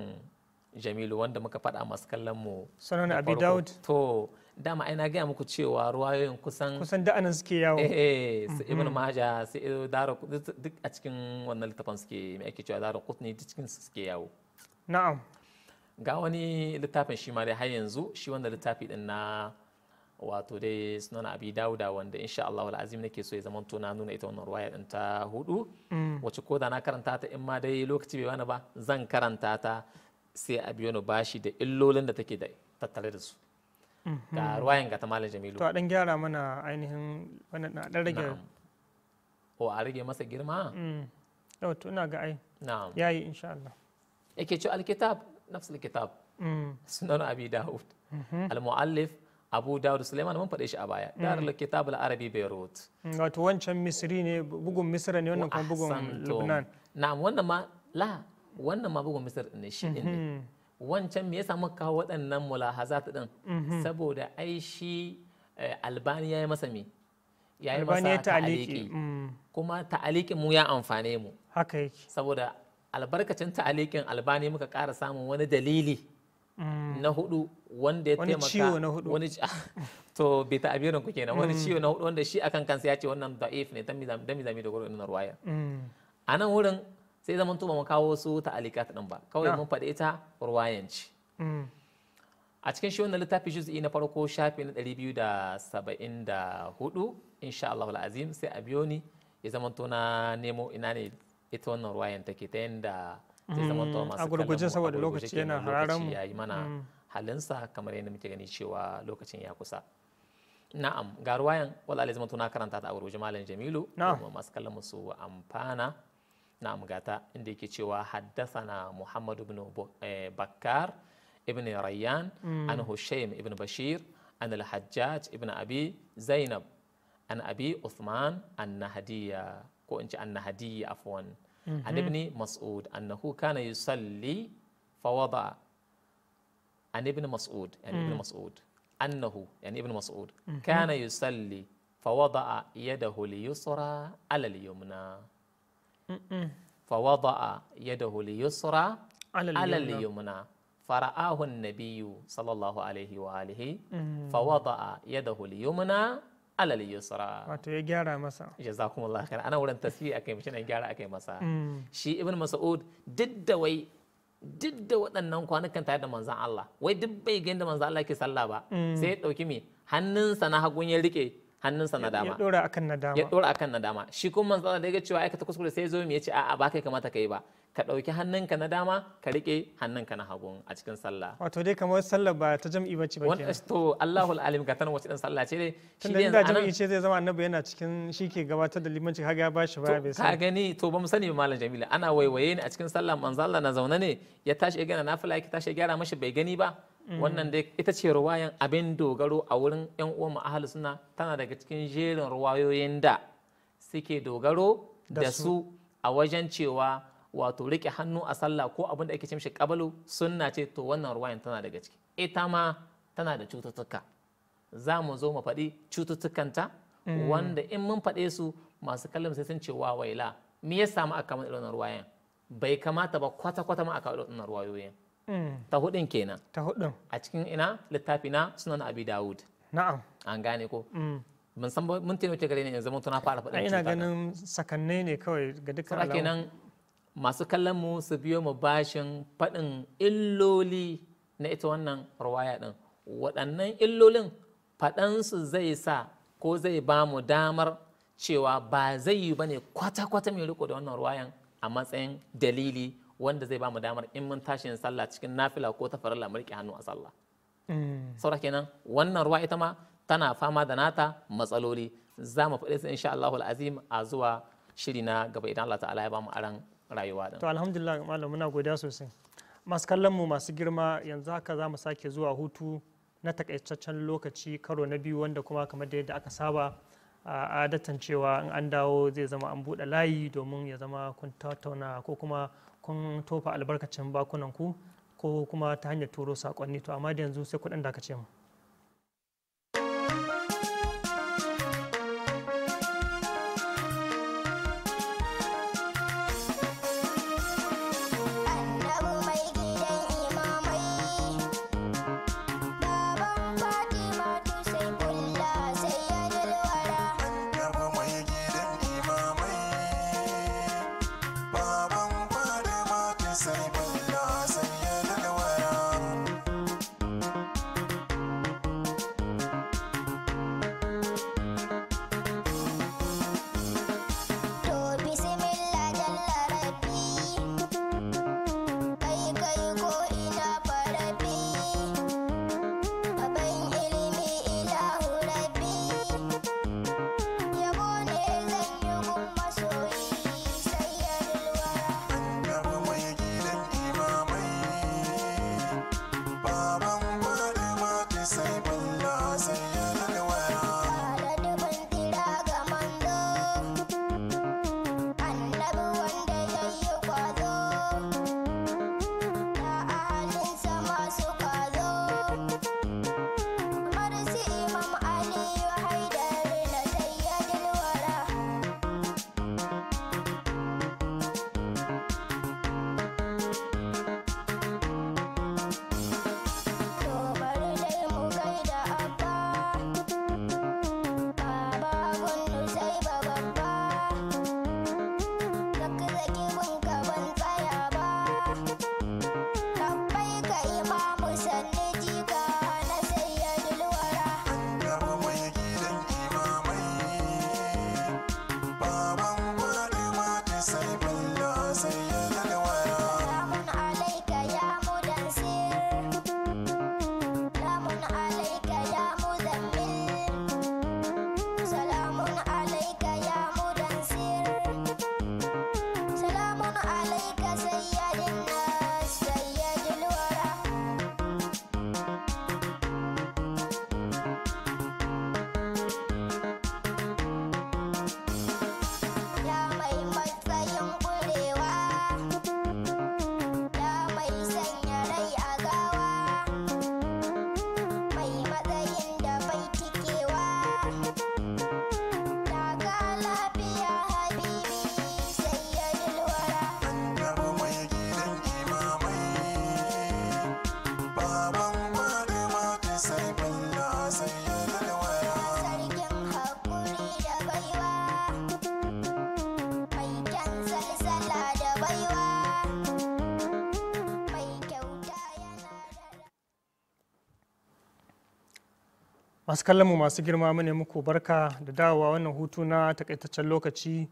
jamilu wanda muka faɗa masu kallon mu sanan abi daud to dama ai na gaya muku cewa ruwayoyin kusan kusan da anan suke yawo eh, eh su mm-hmm. ibn maja su daro duk a cikin wannan littafin suke mai ake cewa daro kutni duk cikin suke yawo na'am ga wani littafin shi ma dai har yanzu shi wanda littafi din na wato dai sunan abi dauda wanda insha Allah wal azim nake so ya zaman to na nuna ita wannan ruwaya din ta hudu mm. wacce ko da na karanta ta in ma dai lokaci bai bani ba zan karanta ta sai a biyo bashi da illolin da take da tattare da su mm-hmm. ga ruwayan ga ta malam jamilu to a dan gyara mana ainihin wannan na dan rage o a rage masa girma mm. yau to ina ga ai na'am yayi insha Allah yake ce alkitab nafs kitab mm. sunan abi daud mm-hmm. al-muallif abu daud suleiman mun faɗe shi a baya mm. darul kitab al-arabi beirut mm, wato wancan misri ne bugun misra ne wannan kuma bugun lubnan na'am wannan ma la wannan ma bugun misr ne shi ne mm-hmm. wancan me yasa muka kawo waɗannan mulahazat din mm-hmm. saboda ai shi eh, albani yayi masa me yayi masa ta'aliki kuma ta'alikin mu ya amfane mu haka yake saboda albarkacin ta'alikin albani muka ƙara samun wani dalili mm. na hudu wanda ya taimaka wani ciwo na hudu wani to bai abirin ku kenan wani mm. ciwo na hudu wanda shi akan kansa ya ce wannan da'if ne dan mi zami da gurin na ruwaya mm. a nan wurin sai zaman tuba mu kawo su ta'alikat din ba kawai mun faɗi ita ruwayanci a cikin shi wannan littafi juz'i na farko shafi na 274 insha Allah azim sai a biyo ni ya zamanto na nemo ina ne ita wannan ruwayan take ta yadda zai mm. zama to masu saboda lokaci yana hararan mu yayi mana mm. halinsa kamar yadda muke gani cewa lokacin ya kusa na'am ga ruwayan wala alai zama na karanta ta gurguje malam jamilu kuma masu kallon su amfana na'am gata inda yake cewa haddathana muhammad ibn eh, bakkar ibn rayyan mm. an hushaim ibn bashir an al ibn abi zainab an abi uthman an nahdiya ko in ce an nahdiya afwan عن ابن مسعود أنه كان يصلي فوضع عن ابن مسعود يعني ابن مسعود أنه يعني ابن مسعود كان يصلي فوضع يده اليسرى على اليمنى فوضع يده اليسرى على اليمنى, على اليمنى فرآه النبي صلى الله عليه وآله فوضع يده اليمنى alali yusra wato ya gyara masa jazakumullahu khair ana wurin tasbihi akai mishi nan gyara akai masa mm. shi ibn mas'ud duk da wai duk da waɗannan kwanukan tare da manzan Allah wai duk bai gani da manzan Allah ke sallah ba mm. sai ya dauki me hannunsa na hagun ya rike hannunsa na dama ya ɗora akan na dama ya ɗora akan na dama shi kuma manzon Allah da ya ga cewa aikata kuskure sai ya zo me ya ce a'a ba kai kamata kai ba ka ɗauki hannunka na dama ka riƙe hannunka na hagu a cikin sallah wato dai kamar sallah ba ta jam'i ce ba kenan to Allahul alim ka tana wace ɗan sallah ce ne Tunda ne da jam'i ce zai zama annabi yana cikin shi ke gabatar da limanci kaga ya bashi baya bai ka gani to ba mu sani ba malam Jamila ana waiwaye ne a cikin sallah manzala na zaune ne ya tashi ya gana nafila ya tashi ya gyara mashi bai gani ba mm. wannan dai ita ce ruwayan abin dogaro a wurin yan uwan mu suna suna tana daga cikin jerin ruwayoyin da suke dogaro da su a wajen cewa wato rike hannu a sallah ko abin da ake cimshi ƙabalu sunna ce to wannan ruwayan tana daga ciki ita ma tana da cututtuka za mu zo mu faɗi cututtukanta mm. wanda in mun faɗe su masu kallon sai sun ce wa waila me ya samu aka mana irin ruwayan bai kamata ba kwata-kwata ma aka irin ruwayoyin mm. ta hudin kenan ta hudin a cikin ina littafi na sunan abi dawud na'am an gane ko mun mm. san mun taimake gare ne yanzu mun tuna fara faɗin ina ganin sakanne ne kawai ga dukkan alamu masu kallon mu su biyo mu bashin faɗin illoli na ita wannan ruwaya ɗin waɗannan illolin faɗansu zai sa ko zai ba mu damar cewa ba zai yi ba ne kwata-kwata mai riko da wannan ruwayan a matsayin dalili wanda zai ba mu damar in mun tashi yin sallah cikin nafila ko ta farilla mu riƙe hannu a sallah mm. saura kenan wannan ruwa ita ma tana fama da nata matsaloli za mu faɗi su insha Allahul azim a zuwa shiri na gaba idan Allah ta'ala ya ba mu aran rayuwa din to alhamdulillah malam muna godiya sosai masu kallon mu masu girma yanzu haka za mu sake zuwa hutu na takaitaccen lokaci karo na biyu wanda kuma kamar da yadda aka saba a adatan cewa in an dawo zai zama an buɗe layi domin ya zama kun tattauna ko kuma kun tofa albarkacin bakunan ku ko kuma ta hanyar turo sakonni to amma da yanzu sai kuɗin da aka ce mu masu kallon mu masu girma mu ne muku barka da dawowa wannan hutu na takaitaccen lokaci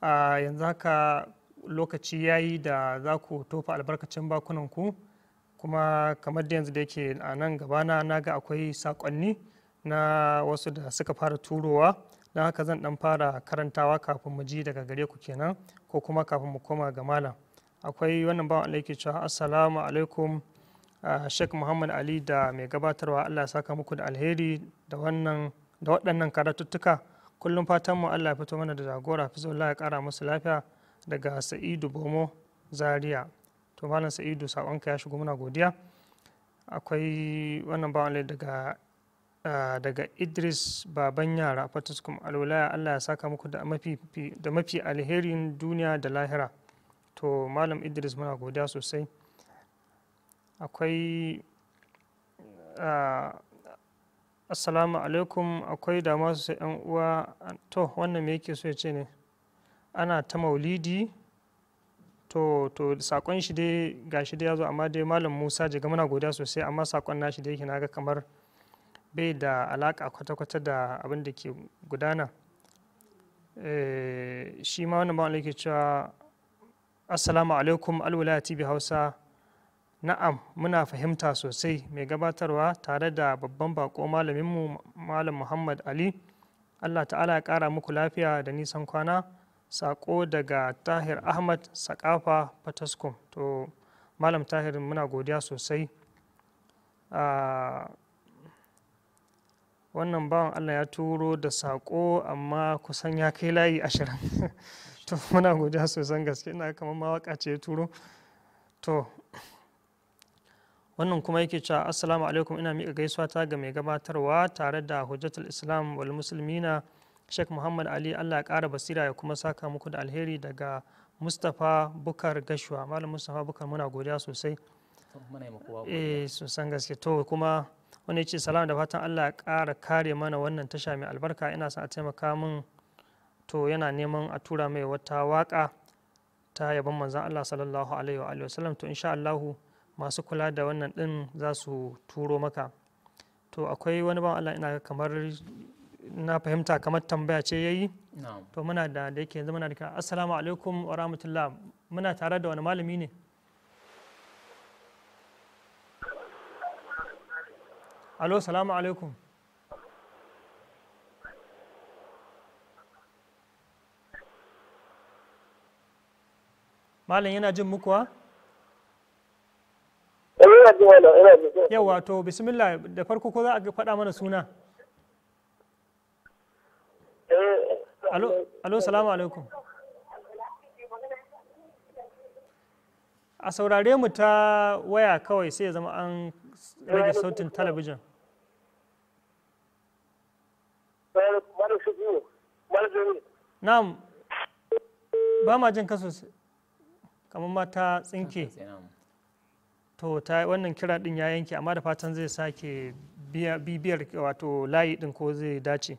a yanzu haka lokaci ya yi da za ku tofa albarkacin bakunanku kuma kamar da yanzu da yake a nan gabana na ga akwai sakonni na wasu da suka fara turowa don haka zan dan fara karantawa kafin mu ji daga gare ku kenan ko kuma kafin mu koma ga malam akwai wannan bawan alaiki cewa assalamu alaikum Sheikh Muhammad Ali da mai gabatarwa Allah saka muku da alheri da wannan da waɗannan karatuttuka kullum fatan mu Allah ya fito mana da jagora fi ya kara musu lafiya daga Sa'idu Bomo Zaria to malam Sa'idu sakonka ya shigo muna godiya akwai wannan bawan daga daga Idris baban yara Fatuskum alwalaya Allah ya saka muku da mafi da mafi alherin duniya da lahira to malam Idris muna godiya sosai akwai assalamu alaikum akwai da masu yan uwa to wannan me yake so ya ce ne ana ta maulidi to to sakon shi dai ga shi dai ya zo amma dai malam musa jiga muna godiya sosai amma sakon nashi dai yake naga kamar bai da alaka kwata-kwata da abin da ke gudana eh, shi ma wannan ba yake cewa assalamu alaikum alwilaya tv hausa Na'am muna fahimta sosai mai gabatarwa tare da babban bako malaminmu Malam Muhammad Ali. Allah ta'ala ya kara muku lafiya da nisan kwana saƙo daga Tahir Ahmad Sakafa Fataskum. To Malam Tahir muna godiya sosai. Ah, wannan bawan Allah ya turo da saƙo amma kusan ya kai layi ashirin. to muna godiya sosan gaske ina kamar mawaka ce ya turo. To wannan kuma yake cewa assalamu alaikum ina miƙa gaisuwa ta ga mai gabatarwa tare da hujjatul islam wal musulmina sheikh muhammad ali allah ya ƙara basira ya kuma saka muku da alheri daga mustapha bukar gashuwa malam mustapha bukar muna godiya sosai eh sosan gaske to kuma wani ce salam da fatan allah ya ƙara kare mana wannan tasha mai albarka ina son a taimaka min to yana neman a tura mai wata waka ta yabon manzan allah sallallahu alaihi wa sallam to insha allahu masu kula da wannan din za su turo maka to akwai wani ban Allah ina kamar na fahimta kamar tambaya ce yayi to muna da da yake yanzu muna da assalamu alaikum wa rahmatullah muna tare da wani malami ne alo salamu alaikum malam yana jin mukuwa? Yawa wato, bismillah da farko ko za a faɗa mana suna. Eh, alo salamu alaikum. A saurare mu ta waya kawai sai ya zama an rage sautin talabijin. Na'am. Ba ma jin kaso kamar mata tsinke. to ta wannan kira din ya yanke amma da fatan zai sake bibiyar wato layi din ko zai dace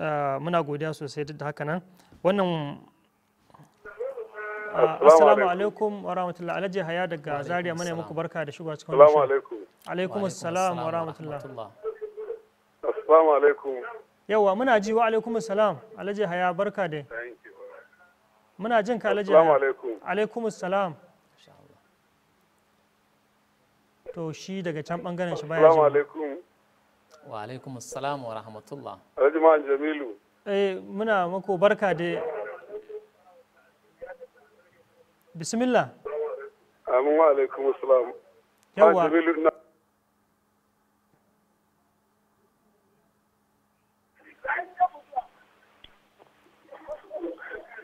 ah, muna godiya sosai da haka nan wannan ah, assalamu alaikum wa rahmatullahi alhaji haya daga zaria mana muku barka da shigowa cikin assalamu alaikum alaikum assalam wa rahmatullah assalamu alaikum yawa muna ji wa alaikum assalam alhaji haya barka dai muna jin ka alhaji haya alaikum assalam to shi daga can bangaren shi baya jima. alaikum wa alaikum assalam wa rahmatullah rajima jamilu eh muna mako barka da bismillah amin wa alaikum assalam yawa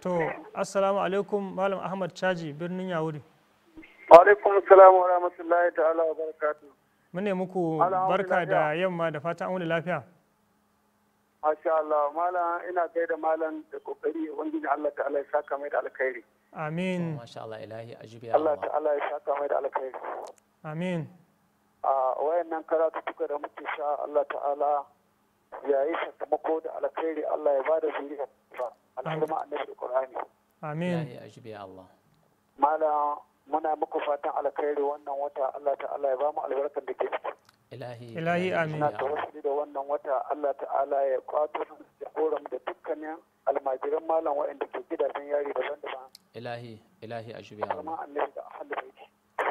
to assalamu alaikum malam ahmad caji birnin yawuri alaikum salam wa rahmatullahi ta'ala wa barakatu mun ne muku barka da yamma da fatan wani lafiya Masha Allah malam ina kai da malam da kokari ubangiji Allah ta'ala ya saka mai da alkhairi amin masha Allah ilahi ajibi Allah ta'ala ya saka mai da alkhairi amin a wayannan karatu tuka da muke sha Allah ta'ala ya yi sakamako da alkhairi Allah ya bada zuriya alhurma annabi Qur'ani amin ilahi ajibi Allah malam muna muku fatan alkhairi wannan wata Allah ta'ala ya mu albarkar da ke ciki ilahi ilahi amin na tawassuli da wannan wata Allah ta'ala ya kwato da koram da dukkanin almajiran malam waɗanda ke gidajen yari daban-daban ilahi ilahi a shubiya kuma annabi da ahli baiti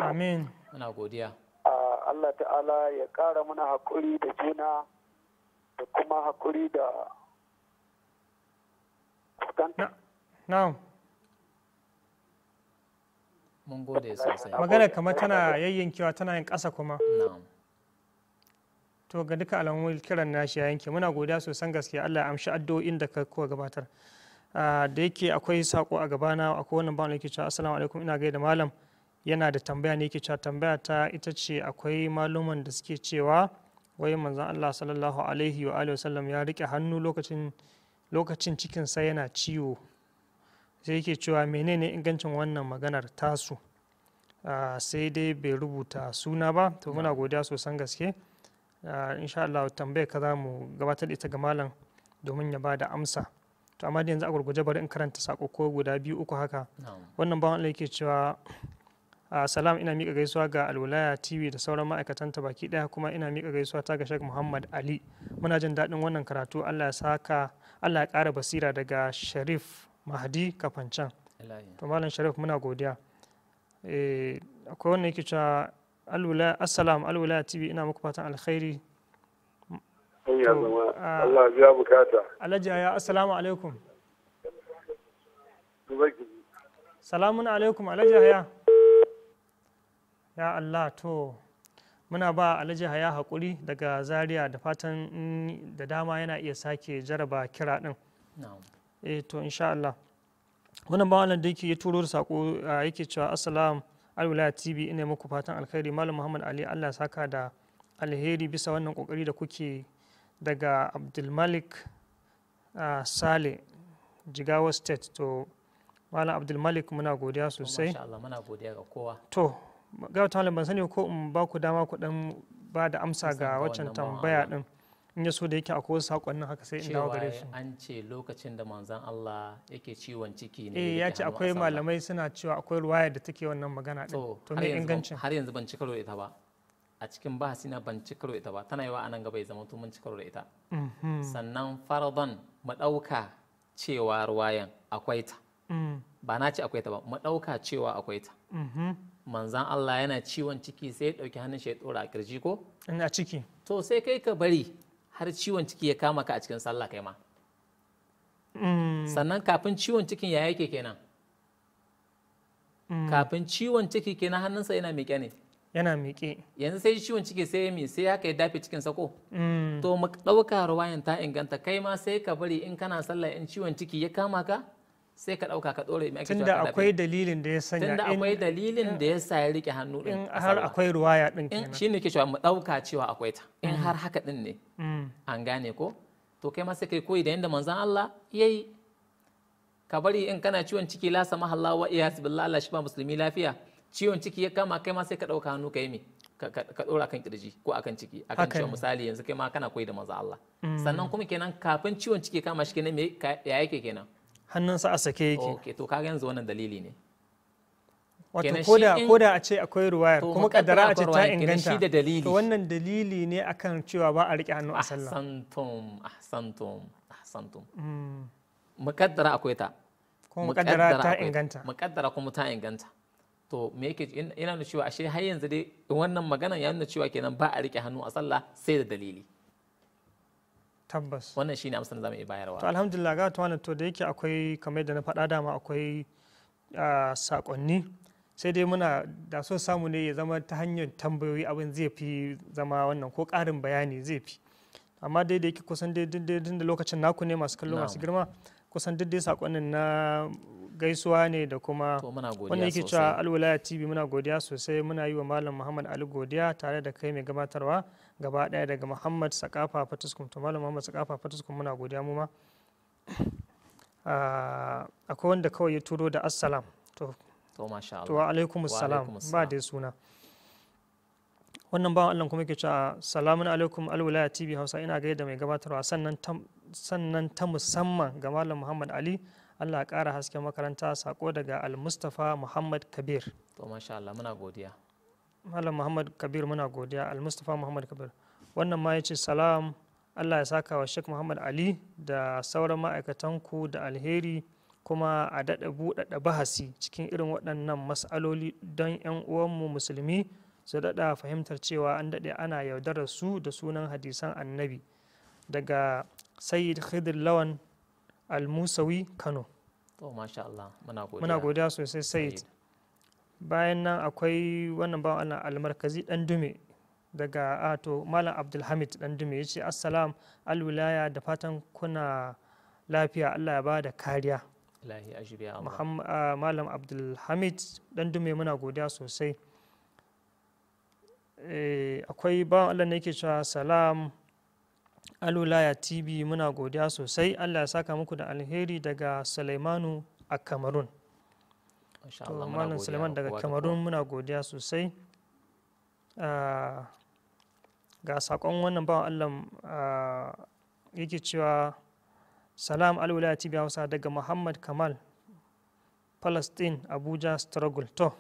amin muna godiya Allah ta'ala ya ƙara muna haƙuri da juna da kuma haƙuri da fuskantar na'am mun gode sosai magana kamar tana yayyankewa tana yin ƙasa kuma to ga duka alamun kiran nashi ya yanke muna godiya sosan gaske Allah ya amshi addu'o'in da ka kowa gabatar ah, da yake akwai sako a gabana akwai wannan bana yake cewa assalamu alaikum ina gaida malam yana da tambaya ne yake cewa tambaya ta ita ce akwai maluman da suke cewa wai manzon Allah sallallahu alaihi wa alihi wasallam ya rike hannu lokacin lokacin cikin sa yana ciwo sai yake cewa menene ingancin wannan maganar tasu ah, sai dai bai rubuta suna ba to muna godiya sosan gaske ah, insha Allah tambayar ka za mu gabatar ita ga malam domin ya bada amsa to amma da yanzu a gurguje bari in karanta sako ko guda biyu uku haka wannan bawan Allah yake cewa ah, salam ina mika gaisuwa ga alwalaya tv da sauran ma'aikatan ta baki daya kuma ina mika gaisuwa ta ga Sheikh Muhammad Ali muna jin daɗin wannan karatu Allah ya saka Allah ya kara basira daga Sharif mahadi kafin can to malam sharif muna godiya eh, akwai wannan yake cewa assalam alwala tv ina muku fatan alkhairi ah, Allah ya bukata alhaji ya assalamu alaikum salamun alaikum alhaji ya. ya Allah to muna ba alhaji haya haƙuri daga zaria da fatan mm, da dama yana iya sake jaraba kira ɗin eh to insha Allah wannan ba wannan da yake ya turo da sako yake cewa assalamu alwilaya tv ina muku fatan alkhairi malam muhammad ali allah saka da alheri bisa wannan kokari da kuke daga abdulmalik sale jigawa state to malam abdulmalik muna godiya sosai to ga wata ban sani ko in ba ku dama ku dan ba da amsa ga waccan tambaya din in ya so da yake akwai wasu sakonnin haka sai in dawo gare shi. an ce lokacin da manzan Allah yake ciwon ciki ne eh ya ce akwai malamai suna cewa akwai ruwaya da take wannan magana din to me ingancin har yanzu ban ci karo ita ba a cikin bahasi na ban ci karo ita ba tana yawa anan gaba ya zama to mun ci karo da ita mhm. sannan faradan mu dauka cewa ruwayan akwai ta mm. ba na ce akwai ta ba mu dauka cewa akwai ta mhm. manzan Allah yana ciwon ciki sai ya ɗauki hannun shi ya ɗora a kirji ko? Ina ciki. To sai kai ka bari har ciwon ciki ya kama ka a cikin sallah kai ma mm. sannan kafin ciwon cikin ya yake kenan mm. kafin ciwon ciki kenan hannunsa yana miƙe ne yana miƙe yanzu sai ciwon ciki sai ya mi sai haka ya dafe cikin sako mm. to mu ɗauka ruwayan ta inganta kai ma sai ka bari in kana sallah in ciwon ciki ya kama ka sai ka ɗauka ka ɗora mai ake tunda akwai dalilin da ya sanya tunda akwai dalilin da ya sa ya rike hannu din har akwai ruwaya din kenan ne ke cewa mu ɗauka cewa akwai ta in mm. har haka din ne mm. an gane ko to kai ma sai kai koyi da yanda manzon Allah yayi ka bari in kana ciwon ciki la sama Allah wa iyas billah Allah shi ba musulmi lafiya ciwon ciki ya kama kai ma sai ka ɗauka hannu kai me ka ɗora kan kirji ko akan ciki akan ciwon misali yanzu kai ma kana koyi da manzon Allah mm. sannan kuma kenan kafin ciwon ciki kama shi kenan me ya yake kenan hannunsa a sake yake okay to kaga yanzu wannan dalili ne wato koda koda a ce akwai ruwayar kuma kaddara a ce ta inganta to wannan dalili ne akan cewa ba a rike hannu a sallah ahsantum ahsantum ahsantum hmm. mukaddara akwai ta kuma ta inganta mukaddara kuma ta inganta to me yake ina nuna cewa ashe har yanzu dai wannan magana ya nuna cewa kenan ba a rike hannu a sallah sai da dalili tabbas wannan shine amsar da zamu iya bayarwa to alhamdulillah ga wannan to da yake akwai kamar da na faɗa dama akwai sakonni sai dai muna da so samu ne ya zama ta hanyar tambayoyi abin zai fi zama wannan ko ƙarin bayani zai fi amma dai da yake kusan dai da lokacin naku ne masu kallo masu girma kusan daidai sakonnin na gaisuwa ne da kuma wanda yake cewa alwala tv muna godiya sosai muna yi wa malam muhammad ali godiya tare da kai mai gabatarwa gaba daya daga muhammad sakafa fatuskum to malam muhammad sakafa fatuskum muna godiya mu ma ah, akwai wanda kawai ya turo da assalam to to alaikum assalam ba dai suna wannan bawan allah kuma yake cewa salamun alaikum alwilaya tv hausa ina gaida mai gabatarwa sannan ta musamman ga malam muhammad ali allah ƙara hasken makaranta sako daga al-mustapha muhammad kabir to masha allah muna godiya malam muhammad kabir muna godiya almustapha muhammad kabir wannan ma ya ce salam allah ya saka wa sheikh muhammad ali da sauran ma'aikatanku da alheri kuma a daɗa buɗaɗa bahasi cikin irin waɗannan matsaloli don 'yan uwanmu musulmi su daɗa fahimtar cewa an daɗe ana yaudara su da sunan hadisan annabi daga sayyid khidir lawan al-musawi kano muna godiya sosai sayyid bayan nan akwai wannan bawan allah almarkazi dan dume daga ato malam abdulhamid dan dume ya ce assalam alwilaya da fatan kuna lafiya allah ya ba da kariya malam abdulhamid dan dume muna godiya sosai eh, akwai bawan allah ne ke cewa salam alulaya tv muna godiya sosai allah ya saka muku da alheri daga suleimanu a cameroon to malam suleiman daga kamarun muna godiya sosai ah, ga sakon wannan bawan allah ah, yake cewa salam alwala tv hausa daga muhammad kamal palestine abuja struggle to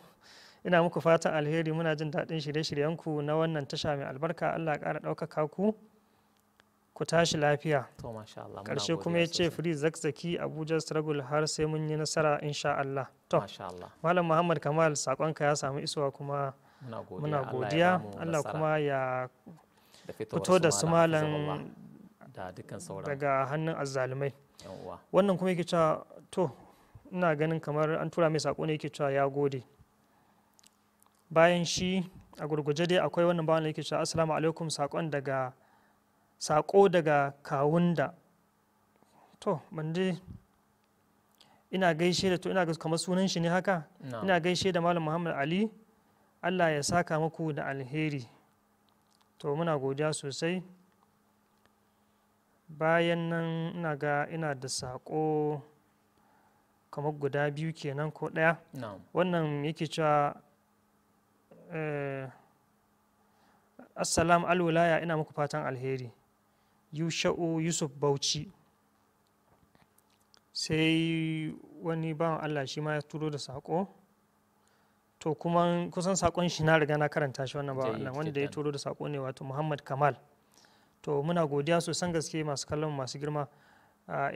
ina muku fatan alheri muna jin daɗin shirye-shiryenku na wannan tasha mai albarka allah ƙara ɗaukaka ku ku tashi lafiya ƙarshe kuma ya ce free zakzaki abuja struggle har sai mun yi nasara insha Allah to malam muhammad kamal sakonka ya samu isuwa kuma muna godiya Allah kuma ya fito da su malam daga hannun azzalumai wannan kuma yake cewa to ina ganin kamar an tura mai sako ne yake cewa ya gode bayan shi a gurguje dai akwai wannan bawan da yake cewa assalamu alaikum sakon daga saƙo daga kawunda to bandi ina gaishe da to ina kamar sunan shi ne haka ina gaishe da malam muhammad ali allah ya saka muku da alheri to muna godiya sosai bayan nan ina ga ina da saƙo kamar guda biyu kenan ko ɗaya wannan yake cewa eh, assalam alwulaya ina muku fatan alheri yusha'u yusuf bauchi sai wani bawan allah shi ma ya turo da saƙo to kuma kusan saƙon shi na riga na karanta shi wannan bawan allah wanda ya turo da saƙo ne wato muhammad kamal to muna godiya sosan gaske masu kallon masu girma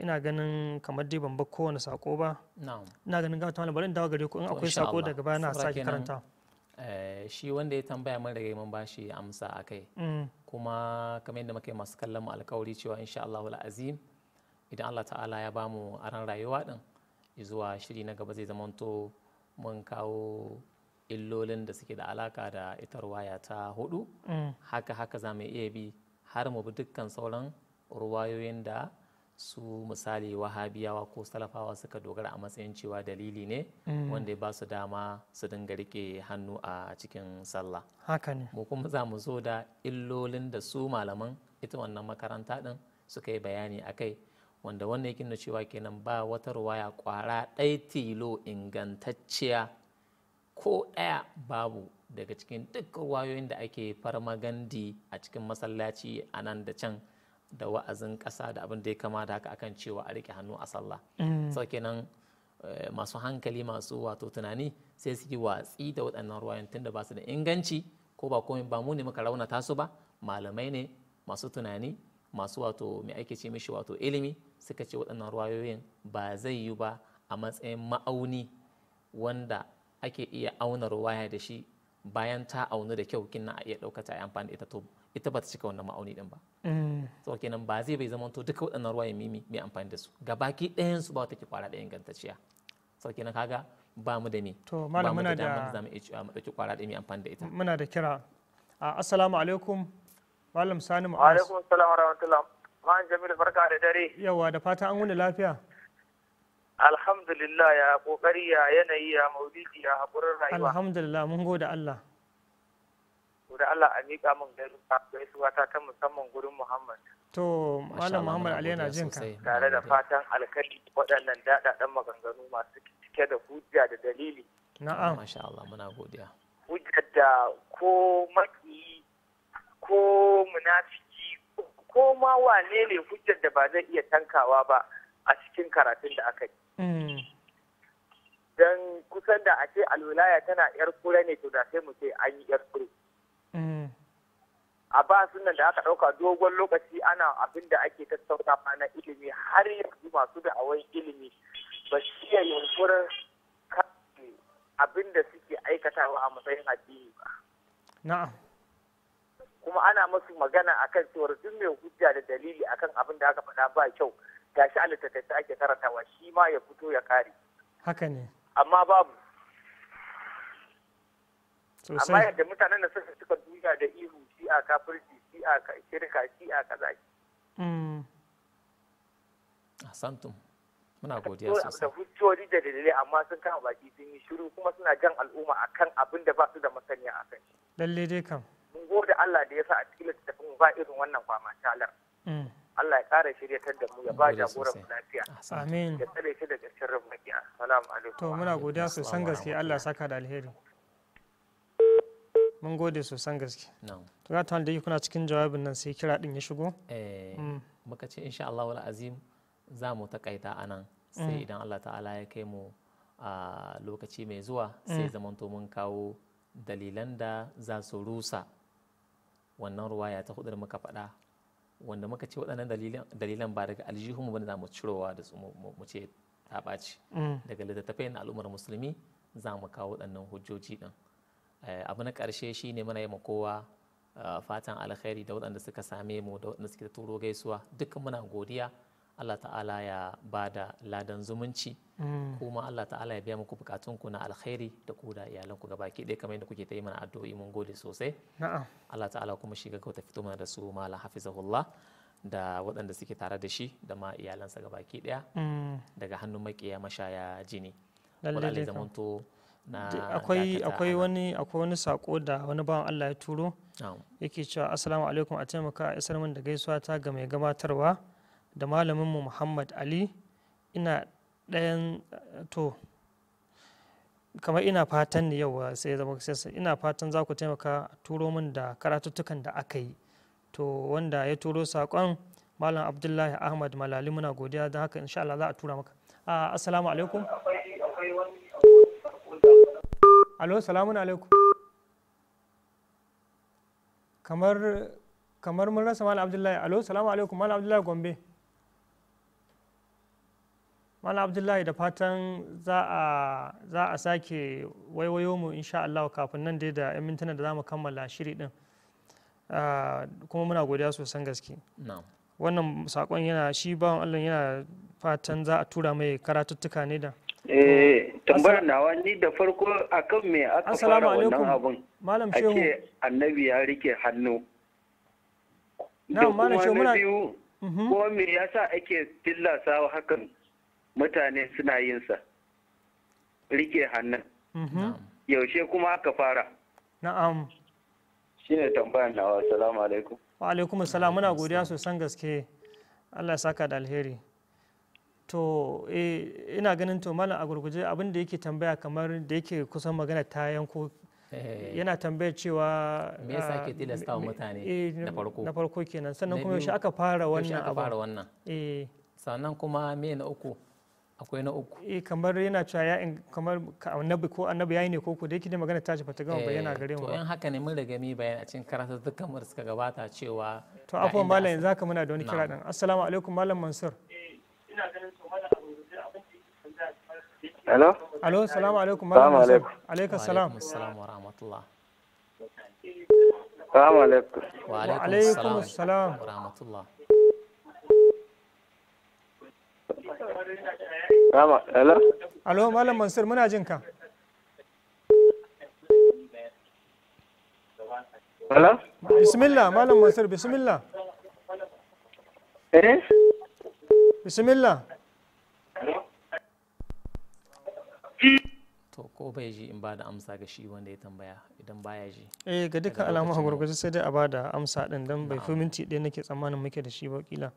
ina ganin kamar dai ban bar kowane saƙo ba ina ganin gawata bari in dawo gare ku in akwai saƙo daga bana sa sake karanta Eh, shi wanda ya tambaya mun rage mun bashi amsa a kai mm. kuma kamar yadda muka yi masu kallon mu alkawari cewa insha Allahu azim idan Allah ta'ala ya ba mu aran rayuwa din zuwa shiri na gaba zai zamanto mun kawo illolin da suke da alaka da itar ruwaya ta hudu mm. haka haka za mu iya bi har mu bi dukkan sauran ruwayoyin da su misali wahabiyawa ko salafawa suka dogara a matsayin cewa dalili ne mm. wanda ba su dama su dinga rike hannu a cikin sallah haka ne mu kuma za mu zo da illolin da su malaman ita wannan makaranta din suka yi bayani a kai wanda wannan yake nuna cewa kenan ba wata ruwaya kwara ɗaya tilo ingantacciya ko ɗaya babu daga cikin dukkan wayoyin da ake farmagandi a cikin masallaci a nan da can da wa'azin ƙasa da abin da ya kama da haka akan cewa a rike hannu a sallah mm. sau kenan eh, masu hankali masu wato tunani sai su yi watsi da waɗannan ruwayan tun da ba su da inganci ko ba komai ba mu ne muka raunata su ba malamai ne masu tunani masu wato mai ake ce mishi wato ilimi suka ce waɗannan ruwayoyin ba zai yi ba a matsayin ma'auni wanda ake iya auna ruwaya da shi bayan ta aunu da kyau kinna a iya ɗaukata ya amfani ita to ita ba ta cika wannan ma'auni din ba mm. so kenan ba zai bai zama to duka waɗannan ruwaye mimi mai amfani da su gabaki ɗayan su ba wata ke kwara da ingantacciya so kenan kaga ba mu da ni to malam muna da za mu ɗauki kwara ɗaya mai amfani da ita muna da kira assalamu alaikum malam sani mu alaikum salam wa rahmatullah ma'an jamilu barka da dare yawa da fata an wuni lafiya alhamdulillah ya kokari ya yanayi ya maulidi ya haƙurin rayuwa alhamdulillah mun gode Allah to Allah a miƙa min gaisuwa ta ta musamman gurin Muhammad. To Malam Muhammad Ali yana jin ka. Tare da fatan alkali waɗannan daɗaɗɗen maganganu masu cike da hujja da dalili. Na'am. Masha Allah muna godiya. Hujjar da ko maki ko munafiki ko ma wane ne hujjar da ba zai iya tankawa ba a cikin karatun da aka yi. Mm. Don kusan da a ce alwilaya tana yar kure ne to da sai mu ce an yi yar kure. a ba sunan da aka ɗauka dogon lokaci ana abin da ake tattaunawa na ilimi har yanzu masu da ilimi ba su iya yunkurin kafin abin da suke aikatawa a matsayin addini ba. Na'am. Kuma ana masu magana a kan cewar duk mai hujja da dalili akan abin da aka faɗa ba kyau shi a littattafai ake karantawa shi ma ya fito ya kare. Haka ne. Amma babu. Amma yadda mutanen da suka suka duniya da ihu shi'a kafirci shi'a shirka shi shi'a kaza mm. santum muna godiya sosai da hujjoji da dalilai amma sun kama baki sun yi shiru kuma suna jan al'umma a kan abin da ba su da masaniya akan shi lalle dai kam mun gode Allah da ya sa a cikin littafin ba irin wannan kwama talar mm. Allah ya ƙara shiryatar da mu ya ba jagoran mu lafiya amin ya tsare shi daga sharrin makiya Salamu alaikum to muna godiya sosai gaske Allah saka da alheri mun gode sosan gaske to ga tawon kuna cikin jawabin nan sai kira din ya shigo eh, mm. muka ce insha Allah wala azim za mu takaita anan sai mm. idan Allah ta'ala ya kai mu a lokaci mai zuwa sai mm. zamanto mun kawo dalilan da za su rusa wannan ruwaya ta hudu muka faɗa wanda muka ce waɗannan dalilan ba daga aljihunmu bane za mu cirowa da su mu ce ta ɓaci daga littattafai na al'ummar musulmi za mu kawo waɗannan hujjoji ɗin Eh, abu na ƙarshe shine muna yi ma kowa eh, fatan alkhairi da waɗanda suka same mu da waɗanda suke turo gaisuwa dukkan muna godiya Allah ta'ala ya ba da ladan zumunci mm. kuma Allah ta'ala ya biya muku bukatun ku na alkhairi da ku da iyalanku ga baki ɗaya kamar yadda kuke ta yi mana addu'o'i mun gode sosai Allah ta'ala kuma shiga ga ta fito mana da su mala hafizahullah da waɗanda suke tare da shi da ma iyalansa ga baki ɗaya mm. daga hannun makiya mashaya jini. Wadda zamanto akwai wani akwai wani sako da wani bawan Allah ya turo yake cewa assalamu alaikum a taimaka a isar min da gaisuwa ta ga mai gabatarwa da malaminmu Muhammad Ali ina ɗayan to kamar ina fatan ne yau sai zama sai ina fatan za ku taimaka turo min da karatuttukan da aka yi to wanda ya turo sakon malam abdullahi ahmad malali muna godiya don haka insha Allah za a tura maka ah, assalamu alaikum alo salamun alaikum kamar kamar mun rasa malam abdullahi alo salamu alaikum malam abdullahi gombe malam abdullahi da fatan za a za a sake waiwayo mu insha Allah kafin nan dai da 'yan mintuna da za mu kammala shiri din ah, kuma muna godiya sosan gaske wannan sakon yana shi bawan Allah yana fatan za a tura mai karatuttuka ne da eh, tambayar nawa ni da farko akan me aka fara wannan abun malam shehu ake annabi ya rike hannu da kuma na biyu mhm. ko me yasa ake tillasa hakan mutane suna yin sa rike hannun mhm. yaushe kuma aka fara na'am shine tambayar nawa assalamu alaikum wa alaikum assalam muna godiya sosan gaske Allah ya saka da alheri to eh, ina ganin to malam a gurguje abin da yake tambaya kamar da yake kusan magana ta yanko eh. yana tambayar cewa me yasa ke ah, tilasta wa mutane eh, na farko na farko kenan sannan kuma yaushe aka fara wannan aka fara wannan eh sannan kuma me na uku akwai na uku eh kamar yana cewa ya kamar annabi ko annabi yayi ne ko ko da yake da magana ta ba ta gama bayyana gare mu to in haka ne mun riga mi bayan a cikin karatu dukkan mu suka gabata cewa to afwan malam yanzu haka muna da wani kira din assalamu alaikum malam mansur الو الو السلام عليكم السلام عليكم عليك السلام السلام ورحمه الله السلام عليكم وعليكم السلام ورحمه الله الو الو مالا منصور من jin الو بسم الله مالا منصور بسم الله ايه bismillah to ko bai ji in ba da amsa ga shi wanda ya tambaya idan baya ji eh ga dukkan alamu a gurgurzu sai dai a ba amsa din dan bai fi minti ɗaya nake tsammanin muke da shi ba kila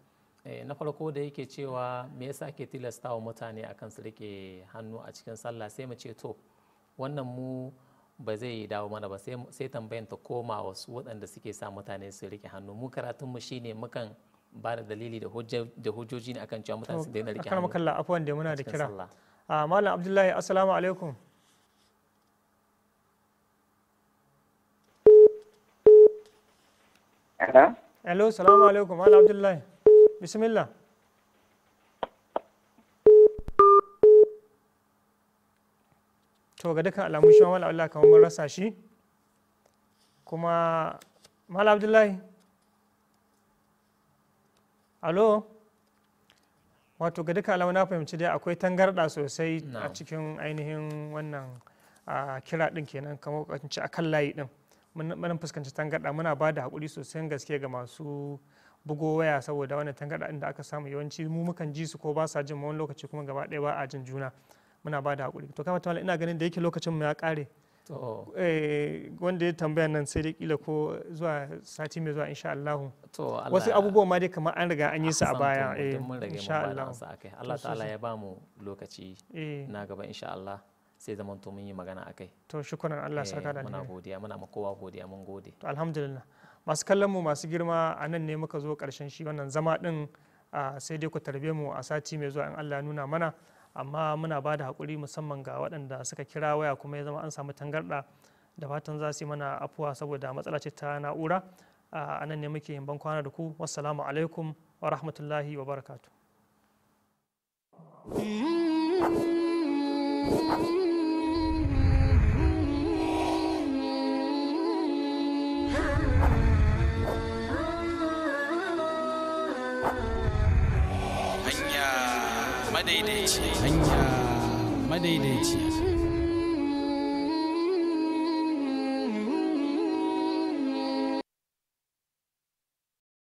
eh, na farko da yake cewa me yasa ke tilasta wa mutane akan su rike hannu a cikin sallah sai mu ce to wannan mu ba zai yi dawo mana ba sai tambayan ta koma wasu waɗanda suke sa mutane su rike hannu mu karatunmu shine mukan ba da dalili da hujjoji ne akan cewa mutane su daina rike hannu. Akan makalla afuwan da muna da kira. Ah, Malam Abdullahi assalamu alaikum. Hello, salamu alaikum, Malam Abdullahi. Bismillah. To ga dukkan alamun shi Malam Allah kamar mun rasa shi. Kuma Malam Abdullahi. alo wato ga duka alama na fahimci dai akwai tangarɗa sosai a cikin ainihin wannan kira ɗin kenan kamar kwanci a kan layi ɗin mun fuskanci tangarɗa muna ba da haƙuri sosai gaske ga masu bugo waya saboda wannan tangarɗa inda aka samu yawanci mu mukan ji su ko ba sa jin wani lokaci kuma gaba ɗaya ba a jin juna muna ba da haƙuri to kama ina ganin da yake lokacin mu ya ƙare Eh, wanda ya tambaya nan sai dai kila ko zuwa sati mai zuwa insha Allah wasu abubuwa ma dai kamar an riga an yi su a baya eh, insha Allah Allah ta'ala ya ba mu lokaci eh. na gaba insha Allah sai zaman to mun yi magana akai to shukran Allah saka da muna godiya muna ma kowa godiya mun gode to alhamdulillah masu kallon mu masu girma a nan ne muka zo karshen shi wannan zama din sai dai ku tarbe mu a sati mai zuwa in Allah nuna mana amma muna ba da haƙuri musamman ga waɗanda suka kira waya kuma ya zama an samu tangarɗa da fatan za su yi mana afuwa saboda matsala ce ta na'ura a nan ne muke yin kwana da ku wassalamu alaikum wa rahmatullahi wa barakatu. Mm-hmm. madaidaici hanya madaidaici